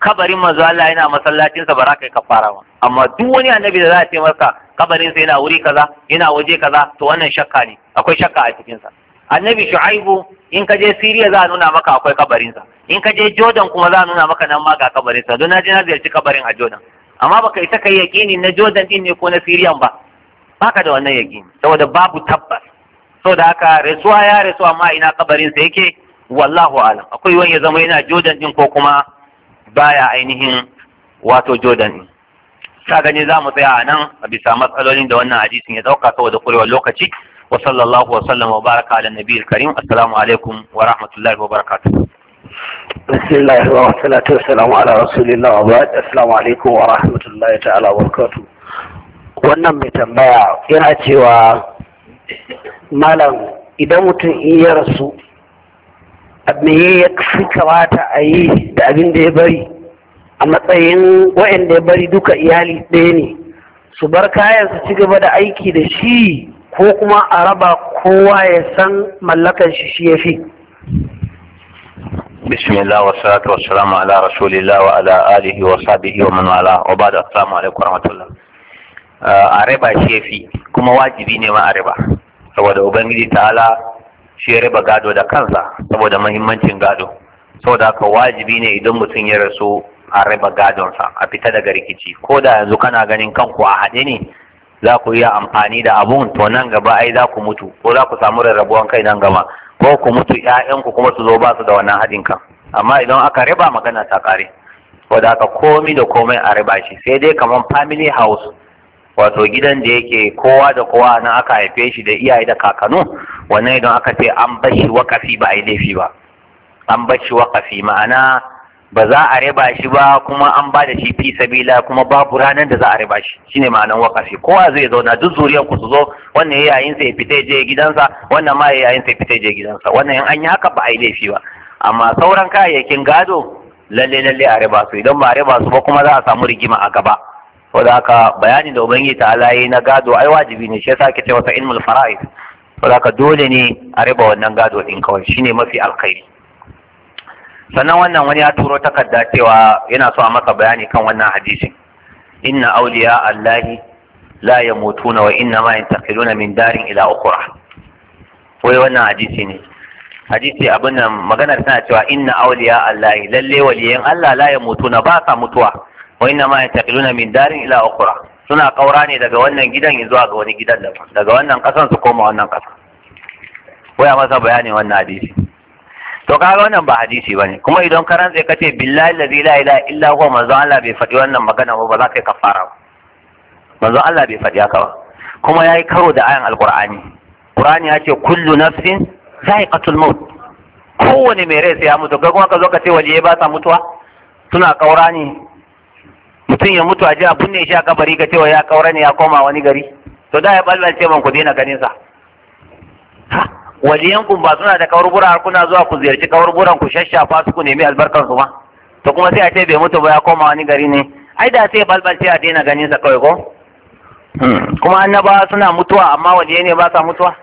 kabarin manzon Allah yana masallacin sa baraka kai kafara ba amma duk wani annabi da za a ce masa kabarin sa yana wuri kaza yana waje kaza to wannan shakka ne akwai shakka a cikin sa annabi shu'aibu in ka je siriya za a nuna maka akwai kabarinsa in ka je jordan kuma za a nuna maka nan ma ga kabarinsa don na je na ziyarci kabarin a jordan amma baka ka yi yaƙini na jordan din ne ko na siriyan ba baka da wannan yaƙini saboda babu tabbas saboda haka rasuwa ya rasu amma ina kabarinsa yake wallahu alam akwai wani ya zama yana jordan din ko kuma baya ainihin wato jordan din sa gani za mu tsaya a nan a bisa matsalolin da wannan hadisin ya dauka saboda kurewar lokaci wa sallallahu wa sallama wa baraka ala nabiyil karim assalamu alaikum wa rahmatullahi wa barakatuh bismillahir rahmanir rahim salamu ala rasulillah wa ba'd assalamu alaikum wa rahmatullahi ta'ala wa barakatuh wannan mai tambaya yana cewa malam idan mutum in ya rasu me ya fi kamata a yi da abin da ya bari a matsayin da ya bari duka iyali ɗaya ne su bar kayan su ci gaba da aiki da shi ko kuma a raba kowa ya san mallakar shi shi ya fi bismillah wa salatu wa salamu ala rasulillah wa ala alihi wa sahbihi wa man wala wa ba ba'da assalamu alaikum rahmatullah uh, a riba shi ya fi kuma wajibi ne ma a riba saboda ubangiji ta'ala shi ya riba gado da kansa saboda mahimmancin gado saboda haka wajibi ne idan mutum ya rasu a riba gadonsa a fita daga rikici ko da yanzu kana ganin kanku a haɗe ne za ku iya amfani da abun to nan gaba ai za ku mutu ko za ku samu rarrabuwan kai nan gaba ko ku mutu ƴaƴanku kuma su zo ba su da wannan haɗin kan amma idan aka raba magana ta ƙare wanda aka komi da komai a riba shi sai dai kamar family house wato gidan da yake kowa da kowa nan aka haife shi da iyaye da kakanu wannan idan aka ce an bashi wakafi ba a yi laifi ba an bashi wakafi ma'ana ba za a riba shi ba kuma an ba da shi fi sabila kuma babu ranar da za a riba shi shine ma'anan wakafi kowa zai zauna duk zuriyar ku su zo wannan yayin sai fita je gidansa wannan ma yayin sai fita je gidansa wannan in an yi haka ba a yi laifi ba amma sauran kayayyakin gado lalle lalle a riba su idan ba a riba su ba kuma za a samu rigima a gaba saboda haka bayani da ubangiji ta alayi na gado ai wajibi ne shi yasa ake cewa ilmul fara'id saboda haka dole ne a riba wannan gado din kawai shine mafi alkhairi sannan wannan wani ya turo takarda cewa yana so a maka bayani kan wannan hadisin inna awliya allahi la yamutuna wa inna ma yantaqiluna min darin ila ukhra wai wannan hadisi ne hadisi abin nan maganar tana cewa inna awliya allahi lalle waliyan allah la na ba sa mutuwa wa inna ma yantaqiluna min darin ila ukhra suna kaura ne daga wannan gidan zuwa ga wani gidan daban daga wannan kasan su koma wannan kasa wai a masa bayani wannan hadisi to kaga wannan ba hadisi bane kuma idan ka rantse kace billahi la ilaha illa huwa manzo Allah bai faɗi wannan magana ba za ka kafara ba manzo Allah bai faɗi haka ba kuma yayi karo da ayan alqur'ani qur'ani ya ce kullu nafsin za'iqatul maut kowane mai rai sai ya mutu ga kuma ka zo ka ce waliye ba sa mutuwa suna kaura ne mutum ya mutu a ji a ne shi a kabari ka cewa ya kaura ne ya koma wani gari to da ya ballance man ku daina ganin sa kun ba suna da kaburbura har kuna zuwa ku ziyarci kaburburan ku shashafa su ku nemi albarkar su ma to kuma sai a ce bai mutu ba ya koma wani gari ne ai da sai balbal sai a daina ganin sa kawai ko hmm. kuma annaba suna mutuwa amma waliyai ne ba sa mutuwa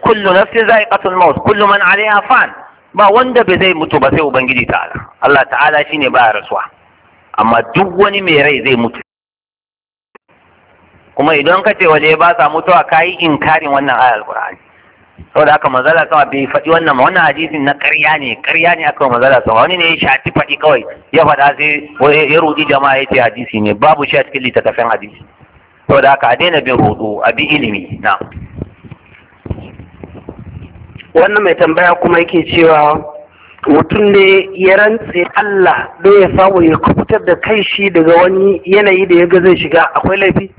kullu nafsin za'iqatul maut kullu man 'alayha fan ba wanda bai zai mutu ba sai ubangiji ta'ala Allah ta'ala shine ba rasuwa amma duk wani mai rai zai mutu kuma idan ka ce waliyai ba sa mutuwa kai inkarin wannan ayar alqur'ani saboda aka manzala sama bai faɗi wannan ma wannan hadisin na ƙarya ne ƙarya ne aka manzala sama wani ne ya shati faɗi kawai ya faɗa sai ya rudi jama'a ya ce hadisi ne babu shi a cikin littattafan hadisi saboda aka a daina bin rudu a bi ilimi na wannan mai tambaya kuma yake cewa mutum ne ya rantse Allah don ya samu ya kubutar da kai shi daga wani yanayi da ya ga zai shiga akwai laifi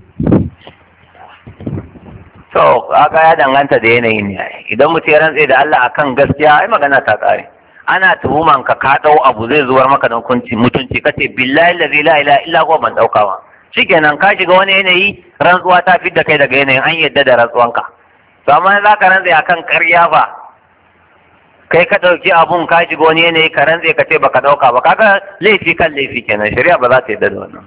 to kaga ya danganta da yanayin ne idan mutum ya rantse da Allah akan gaskiya ai magana ta kare ana tuhuman ka ka dau abu zai zuwa maka da kunci mutunci kace billahi la ilaha illa huwa ban ɗauka ba shikenan ka shiga wani yanayi rantsuwa ta fidda kai daga yanayin an yadda da rantsuwanka to amma za ka rantse akan ƙarya ba kai ka ɗauki abun ka shiga wani yanayi ka rantse ka ce baka ɗauka ba kaga laifi kan laifi kenan shari'a ba za ta yadda da wannan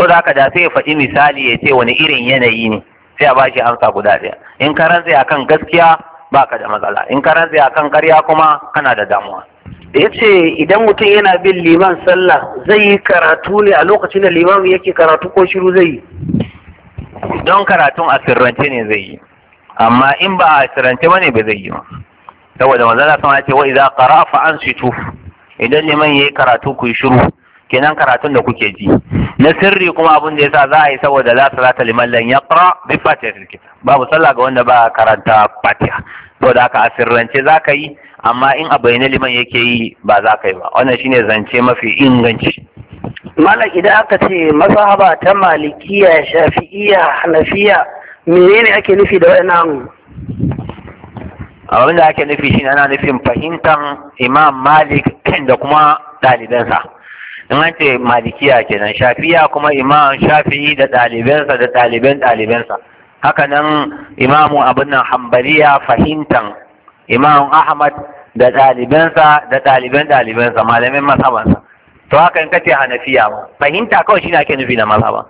to da haka da sai ya faɗi misali ya ce wani irin yanayi ne sai a shi amsa guda ɗaya in ka rantse a kan gaskiya ba ka da matsala in ka rantse a kan ƙarya kuma kana da damuwa ya ce idan mutum yana bin liman sallah zai yi karatu ne a lokacin da liman yake karatu ko shiru zai yi don karatun a sirrance ne zai yi amma in ba a sirrance ba ne ba zai yi ba saboda manzala sama ya ce wa idza qara fa ansitu idan liman yayi karatu ku shiru kenan karatun da kuke ji na sirri kuma abin da yasa za a yi saboda la salata liman lan yaqra bi fatihatil babu sallah ga wanda ba karanta fatiha saboda haka a sirrance za ka yi amma in a bayyane liman yake yi ba za ka yi ba wannan shine zance mafi inganci malam idan aka ce mazhaba ta malikiya shafi'iya hanafiya menene ake nufi da wannan abin da ake nufi shine ana nufin fahimtar imam malik da kuma dalibansa in an ce malikiya kenan shafiya kuma imam shafi'i da ɗalibansa da ɗaliban ɗalibansa haka nan imamu abin nan hambaliya fahimtan imam ahmad da ɗalibansa da ɗaliban ɗalibansa malamin mazhabansa to haka in kace hanafiya ba fahimta kawai shine ake nufi da mazhaba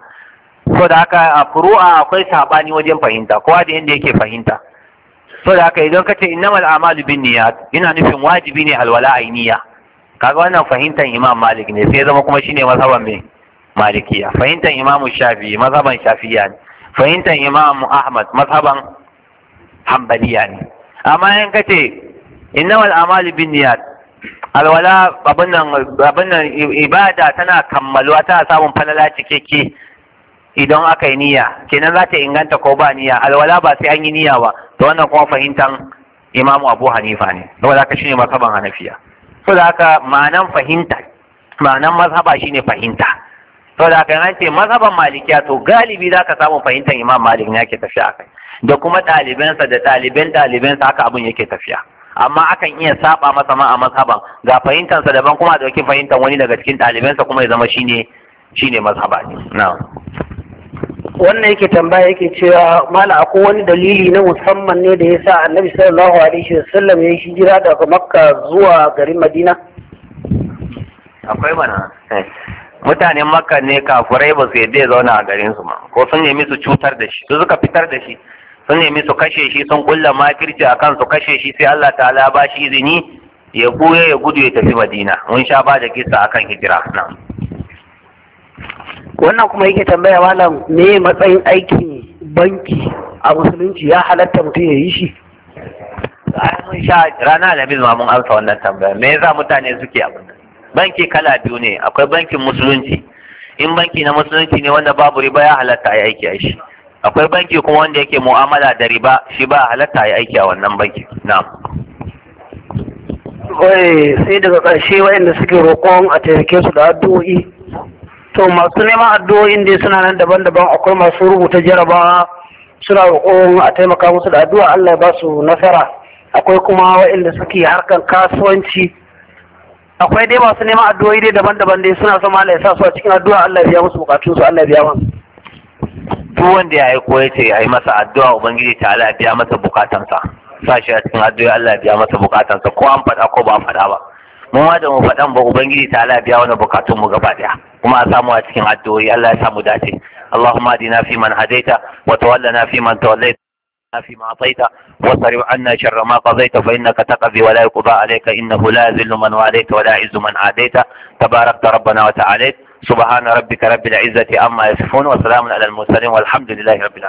so da haka a furu'a akwai sabani wajen fahimta kowa da inda yake fahimta so da haka idan kace innamal a'malu binniyat ina nufin wajibi ne alwala ainiya kaga wannan fahimtar imam malik ne sai zama kuma shine mazhaban me malikiya fahimtar imam shafi mazhaban shafiya ne fahimtar imam ahmad mazhaban hanbaliya ne amma in kace innamal a'malu binniyat alwala abin nan abin nan ibada tana kammaluwa tana samun falala cikakke idan aka yi niyya kenan za ta inganta ko ba niyya alwala ba sai an yi niyya ba to wannan kuma fahimtar imamu abu hanifa ne saboda haka shine mazhaban hanafiya so da haka ma'anan fahimta ma'anan mazhaba shine fahimta to da haka an mazhaban malikiya to galibi za ka samu fahimtar imam malik ne yake tafiya kai da kuma ɗalibansa da ɗaliban ɗalibansa haka abin yake tafiya amma akan iya saba masa ma a mazhaban ga fahimtansa daban kuma a ɗauki fahimtar wani daga cikin ɗalibansa kuma ya zama shine shine mazhaba na'am wannan yake tambaya yake cewa mala akwai wani dalili na musamman ne da ya yasa annabi sallallahu alaihi wasallam ya shi jira daga makka zuwa garin madina akwai mana eh, mutanen makka ne kafurai ba su yadda ya zauna a garin su ma ko sun nemi su cutar da shi su suka fitar da shi sun nemi su kashe shi sun kulla makirci akan su kashe shi sai Allah ta'ala ba shi izini ya goye ya gudu ya tafi madina mun sha ba da kisa akan hijira wannan kuma yake tambaya malam me matsayin aikin banki a musulunci ya halatta mutum ya yi shi mun sha rana alhamis ma mun amsa wannan tambaya me yasa mutane suke abin banki kala biyu ne akwai bankin musulunci in banki na musulunci ne wanda babu riba ya halatta ya aiki a shi akwai banki kuma wanda yake mu'amala da riba shi ba halatta ya aiki a wannan banki na'am sai daga ƙarshe waɗanda suke roƙon a taimake su da addu'o'i to masu neman addu'o'in dai suna nan daban-daban akwai masu rubuta jaraba suna roƙon a taimaka musu da addu'a Allah ya ba su nasara akwai kuma waɗanda suke harkan kasuwanci akwai dai masu neman addu'o'i dai daban-daban dai suna son Allah ya sa su a cikin addu'a Allah ya biya musu bukatunsu Allah ya biya musu duk wanda ya aiko ya ce ya yi masa addu'a ubangiji ta Allah biya masa bukatansa sa shi a cikin addu'a Allah ya biya masa bukatansa ko an faɗa ko ba a faɗa ba mu ma da mu faɗan ba ubangiji ta ala biya wani bukatun mu gaba daya kuma a samu a cikin addu'o'i Allah ya samu dace Allahumma adina fi man hadaita wa tawallana fi man tawallaita فيما أعطيت واصرف عنا شر ما قضيت فإنك تقضي ولا يقضى عليك إنه لا يذل من واليت ولا يعز من عاديت تباركت ربنا وتعاليت سبحان ربك رب العزة عما يصفون وسلام على المرسلين والحمد لله رب العالمين